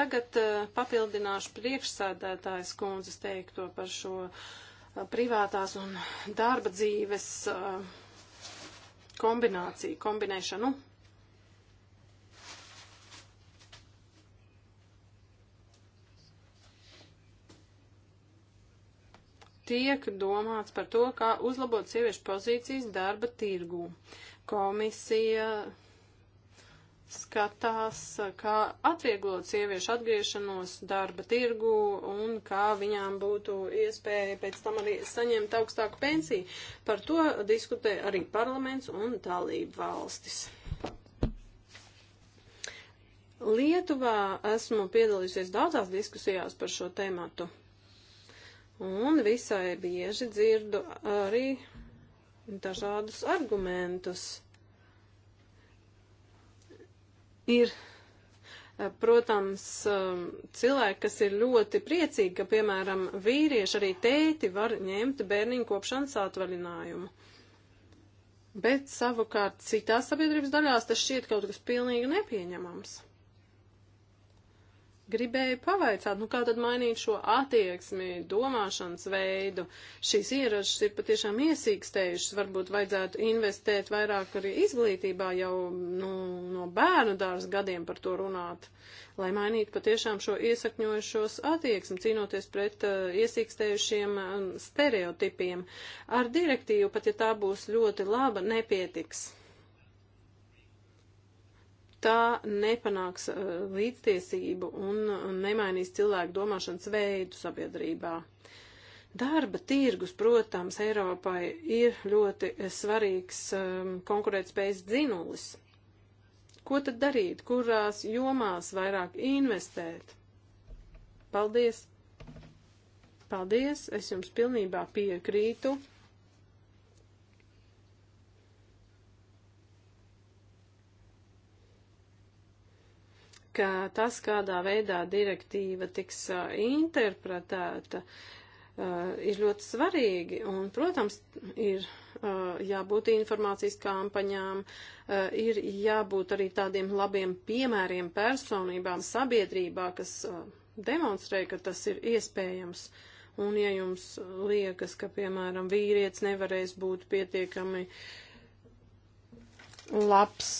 Tagad uh, papildināšu priekšsēdētājas kundzes teikto par šo uh, privātās un darba dzīves uh, kombināciju, kombinēšanu. tiek domāts par to, kā uzlabot sieviešu pozīcijas darba tirgū. Komisija jāskatās, kā atvieglot sieviešu atgriešanos darba tirgu un kā viņām būtu iespēja pēc tam arī saņemt augstāku pensiju. Par to diskutē arī parlaments un dalību valstis. Lietuvā esmu piedalījusies daudzās diskusijās par šo tēmatu. Un visai bieži dzirdu arī dažādus argumentus Ir, eh, protams, eh, cilvēki, kas ir ļoti priecīgi, ka, piemēram, vīrieši arī tēti var ņemt bērniņu kopšanas atvaļinājumu. Bet savukārt citās sabiedrības daļās tas šķiet kaut kas pilnīgi nepieņemams gribēju pavaicāt, nu kā tad mainīt šo attieksmi, domāšanas veidu. Šīs ierašas ir patiešām iesīkstējušas, varbūt vajadzētu investēt vairāk arī izglītībā jau nu, no bērnu dārs gadiem par to runāt, lai mainītu patiešām šo iesakņojušos attieksmi, cīnoties pret uh, iesīkstējušiem um, stereotipiem. Ar direktīvu, pat ja tā būs ļoti laba, nepietiks tā nepanāks uh, līdztiesību un uh, nemainīs cilvēku domāšanas veidu sabiedrībā. Darba tirgus, protams, Eiropai ir ļoti eh, svarīgs um, konkurētspējas dzinulis. Ko tad darīt? Kurās jomās vairāk investēt? Paldies! Paldies! Es jums pilnībā piekrītu. ka tas, kādā veidā direktīva tiks uh, interpretēta, uh, ir ļoti svarīgi. Un, protams, ir uh, jābūt informācijas kampaņām, ir jābūt arī tādiem labiem piemēriem personībām sabiedrībā, kas demonstrē, ka tas ir iespējams. Un, ja jums liekas, ka, piemēram, vīrietis nevarēs būt pietiekami labs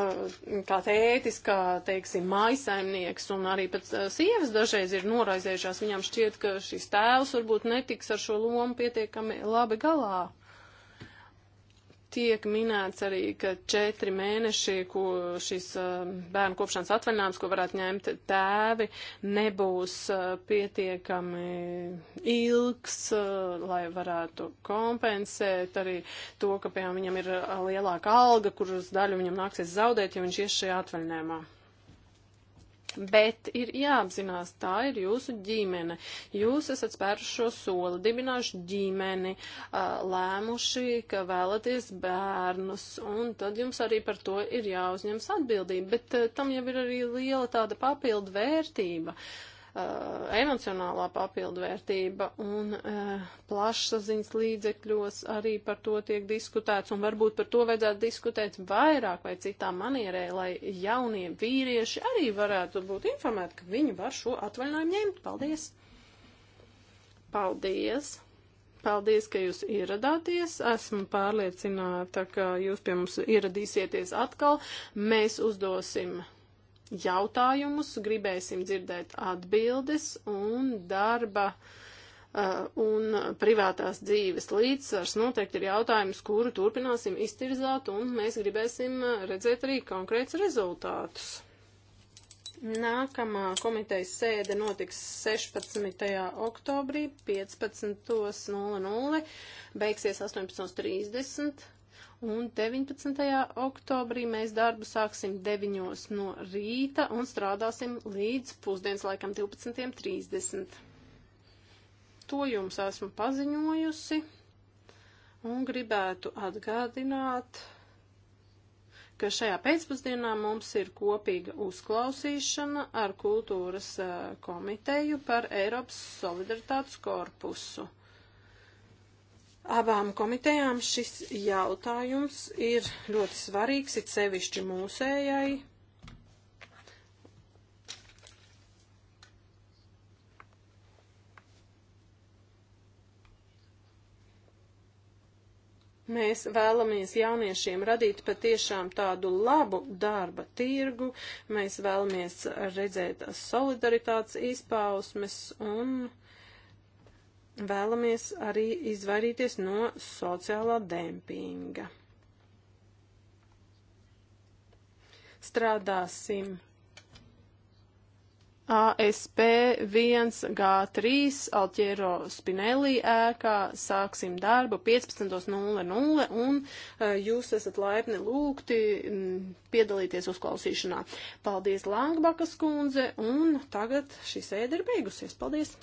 Eh, kā tētis, kā, teiksim, maisaimnieks un arī pat eh, sievas dažreiz ir noraizējušās. Viņām šķiet, ka šis tēls varbūt netiks ar šo lomu pietiekami labi galā. Tiek minēts arī, ka četri mēneši, ko šis um, bērnu kopšanas atvaļinājums, ko varētu ņemt tēvi, nebūs uh, pietiekami ilgs, uh, lai varētu kompensēt arī to, ka, piemēram, viņam ir uh, lielāka alga, kuras daļu viņam nāksies zaudēt, ja viņš ies šajā atvaļinājumā. Bet ir jāapzinās, tā ir jūsu ģimene. Jūs esat spēruši šo soli, dibinājuši ģimeni, lēmuši, ka vēlaties bērnus, un tad jums arī par to ir jāuzņems atbildība. Bet tam jau ir arī liela tāda papildu vērtība. Uh, uh, emocionālā papildvērtība un uh, plašsaziņas līdzekļos arī par to tiek diskutēts un varbūt par to vajadzētu diskutēt vairāk vai citā manierē, lai jaunie vīrieši arī varētu būt informēti, ka viņi var šo atvaļinājumu ņemt. Paldies! Paldies! Paldies, ka jūs ieradāties. Esmu pārliecināta, ka jūs pie mums ieradīsieties atkal. Mēs uzdosim jautājumus, gribēsim dzirdēt atbildes un darba uh, un privātās dzīves līdzsvars noteikti ir jautājums, kuru turpināsim iztirzāt, un mēs gribēsim redzēt arī konkrēts rezultātus. Nākamā komitejas sēde notiks 16. oktobrī 15.00, beigsies 18.30 un 19. oktobrī mēs darbu sāksim 9 no rīta un strādāsim līdz pusdienas laikam 12.30. To jums esmu paziņojusi un gribētu atgādināt, ka šajā pēcpusdienā mums ir kopīga uzklausīšana ar kultūras eh, komiteju par Eiropas solidaritātes korpusu. Abām komitejām šis jautājums ir ļoti svarīgs, it sevišķi mūsējai. Mēs vēlamies jauniešiem radīt patiešām tādu labu darba tirgu, mēs vēlamies redzēt solidaritātes izpausmes un vēlamies arī izvairīties no sociālā dempinga. Strādāsim ASP 1G3 Altiero Spinelli ēkā, sāksim darbu 15.00 un e, jūs esat laipni lūgti piedalīties uzklausīšanā. Paldies Langbakas kundze un tagad šī sēde ir beigusies. Paldies!